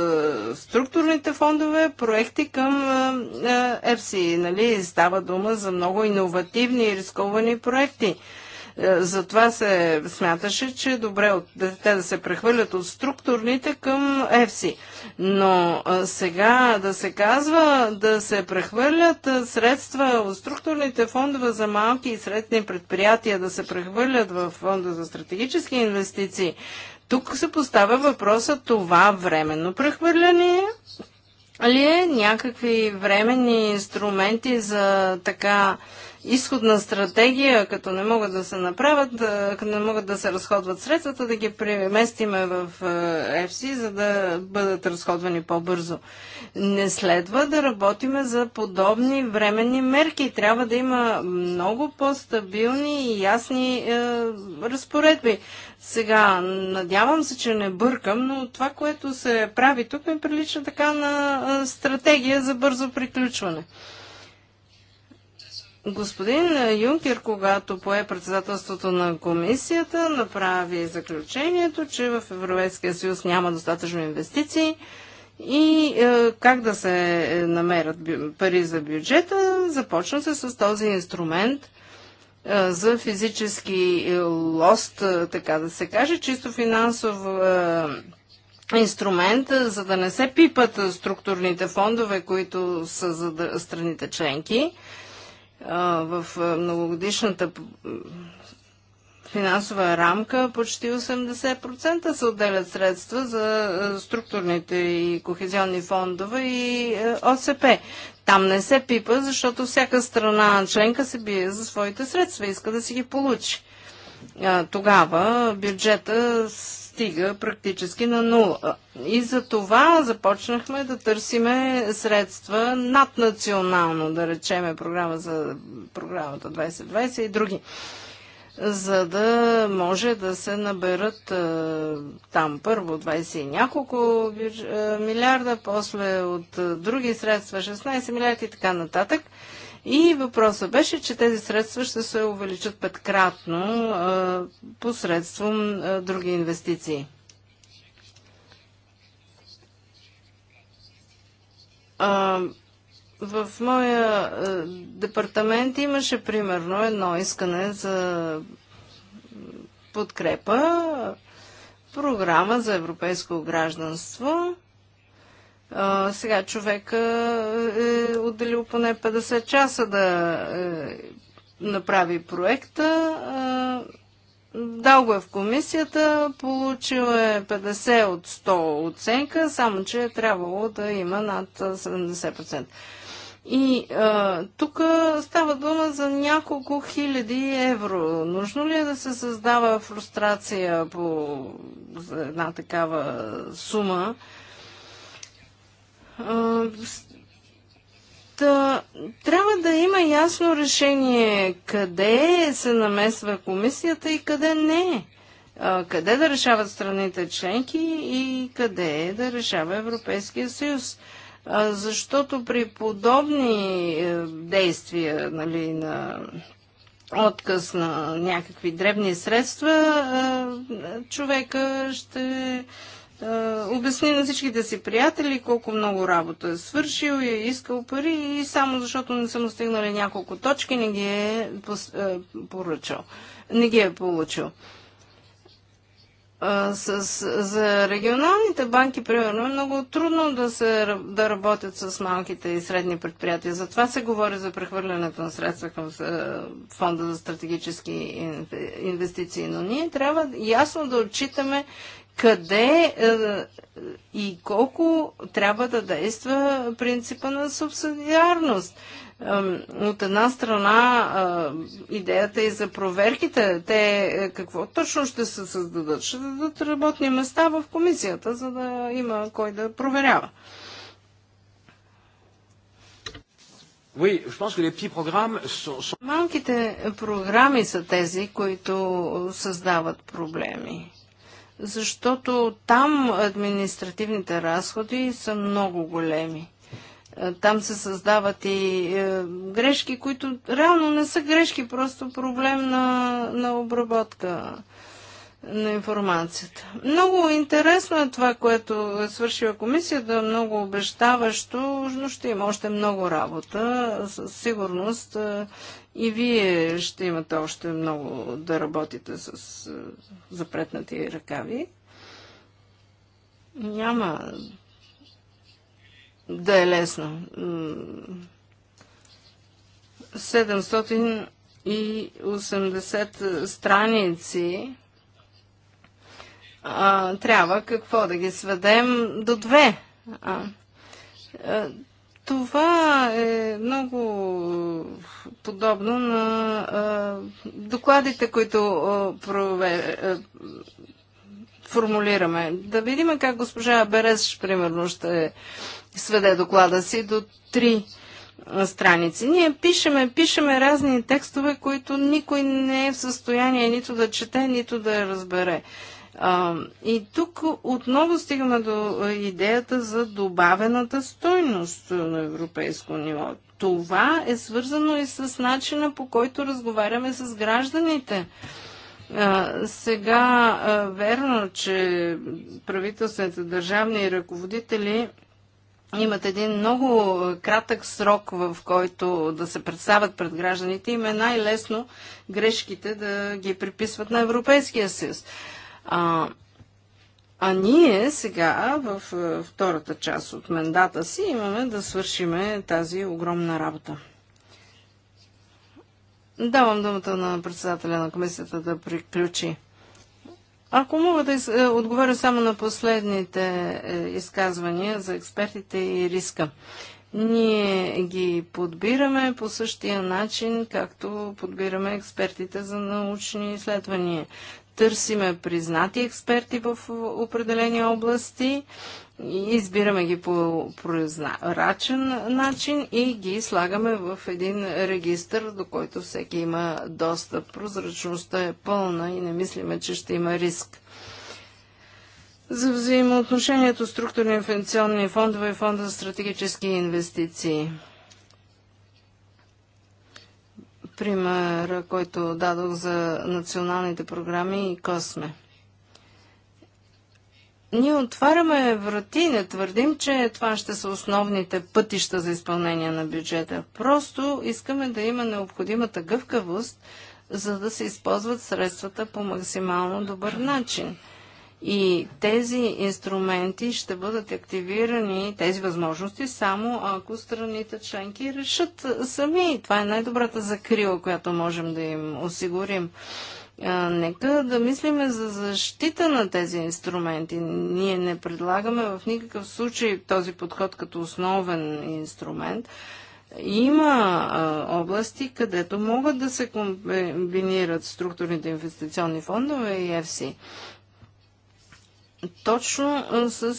Speaker 4: структурните фондове проекти към ЕФСИ. Нали? Става дума за много иновативни и рисковани проекти. Е, затова се смяташе, че е добре от, те да се прехвърлят от структурните към ЕФСИ. Но е, сега да се казва да се прехвърлят е, средства от структурните фондове за малки и средни предприятия, да се прехвърлят в фонда за стратегически инвестиции, тук се поставя въпроса това временно прехвърляне ли е някакви временни инструменти за така изходна стратегия, като не могат да се направят, като не могат да се разходват средствата, да ги преместиме в FC, е, за да бъдат разходвани по-бързо. Не следва да работиме за подобни временни мерки. Трябва да има много по-стабилни и ясни е, разпоредби. Сега, надявам се, че не бъркам, но това, което се прави тук, ми прилича така на е, стратегия за бързо приключване. Господин Юнкер, когато пое председателството на комисията, направи заключението, че в Европейския съюз няма достатъчно инвестиции и е, как да се намерят пари за бюджета, започна се с този инструмент е, за физически е, лост, е, така да се каже, чисто финансов е, инструмент, е, за да не се пипат структурните фондове, които са за страните членки в многогодишната финансова рамка почти 80% се отделят средства за структурните и кохезионни фондове и ОСП. Там не се пипа, защото всяка страна членка се бие за своите средства, иска да си ги получи. Тогава бюджета стига практически на нула. И за това започнахме да търсиме средства наднационално, да речеме програма за програмата 2020 и други за да може да се наберат е, там първо 20 и няколко е, милиарда, после от е, други средства 16 милиарда и така нататък. И въпросът беше, че тези средства ще се увеличат петкратно а, посредством а, други инвестиции. А, в моя департамент имаше примерно едно искане за подкрепа, програма за европейско гражданство – а, сега човек е, е отделил поне 50 часа да е, направи проекта. Дал го е в комисията, получил е 50 от 100 оценка, само че е трябвало да има над 70%. И а, тук става дума за няколко хиляди евро. Нужно ли е да се създава фрустрация по за една такава сума? Та, трябва да има ясно решение къде се намесва комисията и къде не. къде да решават страните членки и къде да решава Европейския съюз. защото при подобни е, действия нали, на отказ на някакви дребни средства, е, човека ще е, обясни на всичките си приятели колко много работа е свършил и е искал пари и само защото не са му стигнали няколко точки, не ги е, е поръчал. Не ги е получил. Е, с, за регионалните банки, примерно, е много трудно да, се, да работят с малките и средни предприятия. Затова се говори за прехвърлянето на средства към Фонда за стратегически инвестиции. Но ние трябва ясно да отчитаме къде е, и колко трябва да действа принципа на субсидиарност. от една страна идеята и е за проверките, те е, какво точно ще се създадат? Ще дадат работни места в комисията, за да има кой да проверява. Малките програми са тези, които създават проблеми защото там административните разходи са много големи. Е, там се създават и е, грешки, които реално не са грешки, просто проблем на, на обработка на информацията. Много интересно е това, което е свършила комисията, много обещаващо, но ще има още много работа. Със сигурност е, и вие ще имате още много да работите с е, запретнати ръкави. Няма да е лесно. 780 страници а, трябва какво да ги сведем до две. А, е, това е много подобно на а, докладите, които а, провер, а, формулираме. Да видим как госпожа Береш, примерно, ще сведе доклада си до три страници. Ние пишеме, пишеме разни текстове, които никой не е в състояние нито да чете, нито да разбере. И тук отново стигаме до идеята за добавената стойност на европейско ниво. Това е свързано и с начина по който разговаряме с гражданите. Сега верно, че правителствените държавни ръководители имат един много кратък срок, в който да се представят пред гражданите. Им е най-лесно грешките да ги приписват на Европейския съюз. А, а ние сега, в е, втората част от мендата си, имаме да свършиме тази огромна работа. Давам думата на председателя на комисията да приключи. Ако мога да из... Е, отговоря само на последните е, изказвания за експертите и риска. Ние ги подбираме по същия начин, както подбираме експертите за научни изследвания търсиме признати експерти в определени области, избираме ги по прозрачен начин и ги слагаме в един регистр, до който всеки има достъп. Прозрачността е пълна и не мислиме, че ще има риск. За взаимоотношението структурни инвестиционни фондове и фонда за стратегически инвестиции – пример, който дадох за националните програми и Косме. Ние отваряме врати, и не твърдим, че това ще са основните пътища за изпълнение на бюджета. Просто искаме да има необходимата гъвкавост, за да се използват средствата по максимално добър начин. И тези инструменти ще бъдат активирани, тези възможности, само ако страните членки решат сами. Това е най-добрата закрила, която можем да им осигурим. нека да мислиме за защита на тези инструменти. Ние не предлагаме в никакъв случай този подход като основен инструмент. Има области, където могат да се комбинират структурните инвестиционни фондове и ЕФСИ точно с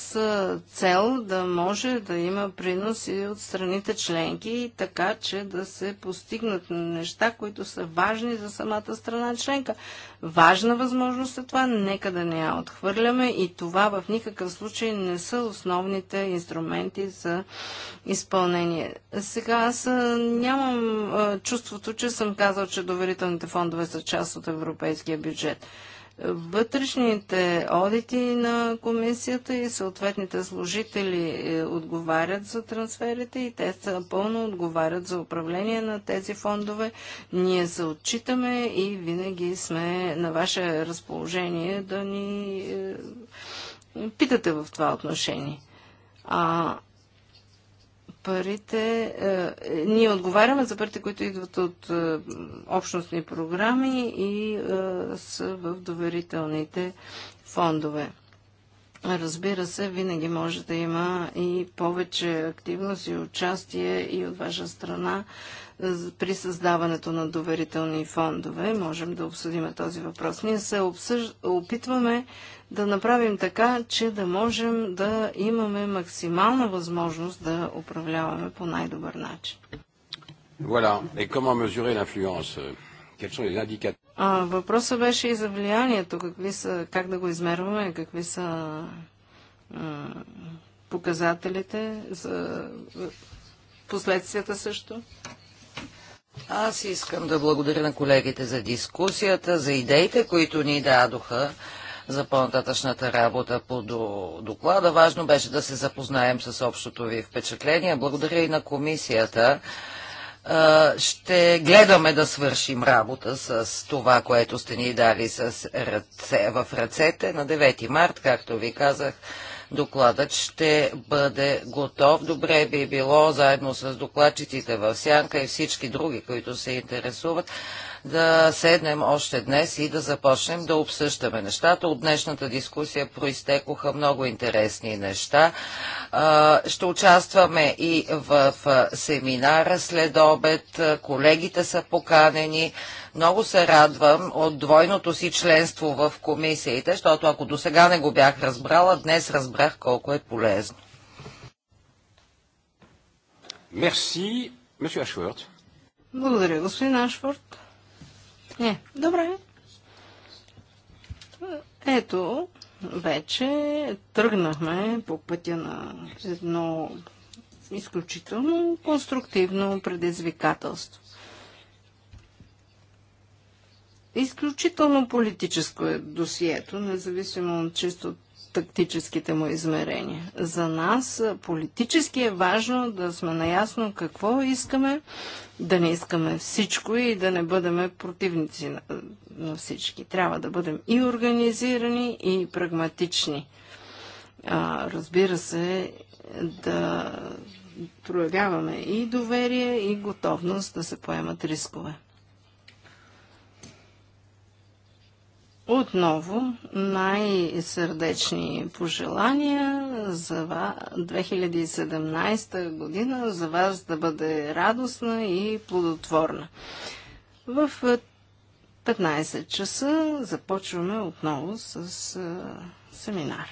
Speaker 4: цел да може да има принос и от страните членки, така че да се постигнат неща, които са важни за самата страна членка. Важна възможност е това, нека да не я отхвърляме и това в никакъв случай не са основните инструменти за изпълнение. Сега аз нямам чувството, че съм казал, че доверителните фондове са част от европейския бюджет вътрешните одити на комисията и съответните служители е, отговарят за трансферите и те са пълно отговарят за управление на тези фондове. Ние се отчитаме и винаги сме на ваше разположение да ни е, питате в това отношение. А парите, е, ние отговаряме за парите, които идват от е, общностни програми и е, са в доверителните фондове. Разбира се, винаги може да има и повече активност и участие и от ваша страна при създаването на доверителни фондове. Можем да обсъдим този въпрос. Ние се обсъж... опитваме да направим така, че да можем да имаме максимална възможност да управляваме по най-добър начин.
Speaker 2: Voilà. Et comment mesurer l'influence Quels sont les indicateurs
Speaker 4: а, въпросът беше и за влиянието. Какви са, как да го измерваме, какви са а, показателите за последствията също. Аз искам да благодаря на колегите за
Speaker 3: дискусията, за идеите, които ни дадоха за по-нататъчната работа по доклада. Важно беше да се запознаем с общото ви впечатление. Благодаря и на комисията ще гледаме да свършим работа с това, което сте ни дали с ръце, в ръцете. На 9 март, както ви казах, докладът ще бъде готов. Добре би било, заедно с докладчиците в Сянка и всички други, които се интересуват, да седнем още днес и да започнем да обсъждаме нещата. От днешната дискусия проистекоха много интересни неща. Ще участваме и в семинара след обед. Колегите са поканени. Много се радвам от двойното си членство в комисиите, защото ако до сега не го бях разбрала, днес разбрах колко е полезно.
Speaker 2: Мерси, Ашфорд.
Speaker 4: Благодаря, господин Ашфорд. Не, добре. Ето, вече тръгнахме по пътя на едно изключително конструктивно предизвикателство. Изключително политическо е досието, независимо от чисто тактическите му измерения. За нас политически е важно да сме наясно какво искаме, да не искаме всичко и да не бъдем противници на, на всички. Трябва да бъдем и организирани, и прагматични. А, разбира се, да проявяваме и доверие, и готовност да се поемат рискове. Отново най-сърдечни пожелания за 2017 година за вас да бъде радостна и плодотворна. В 15 е, часа започваме отново с е, семинар.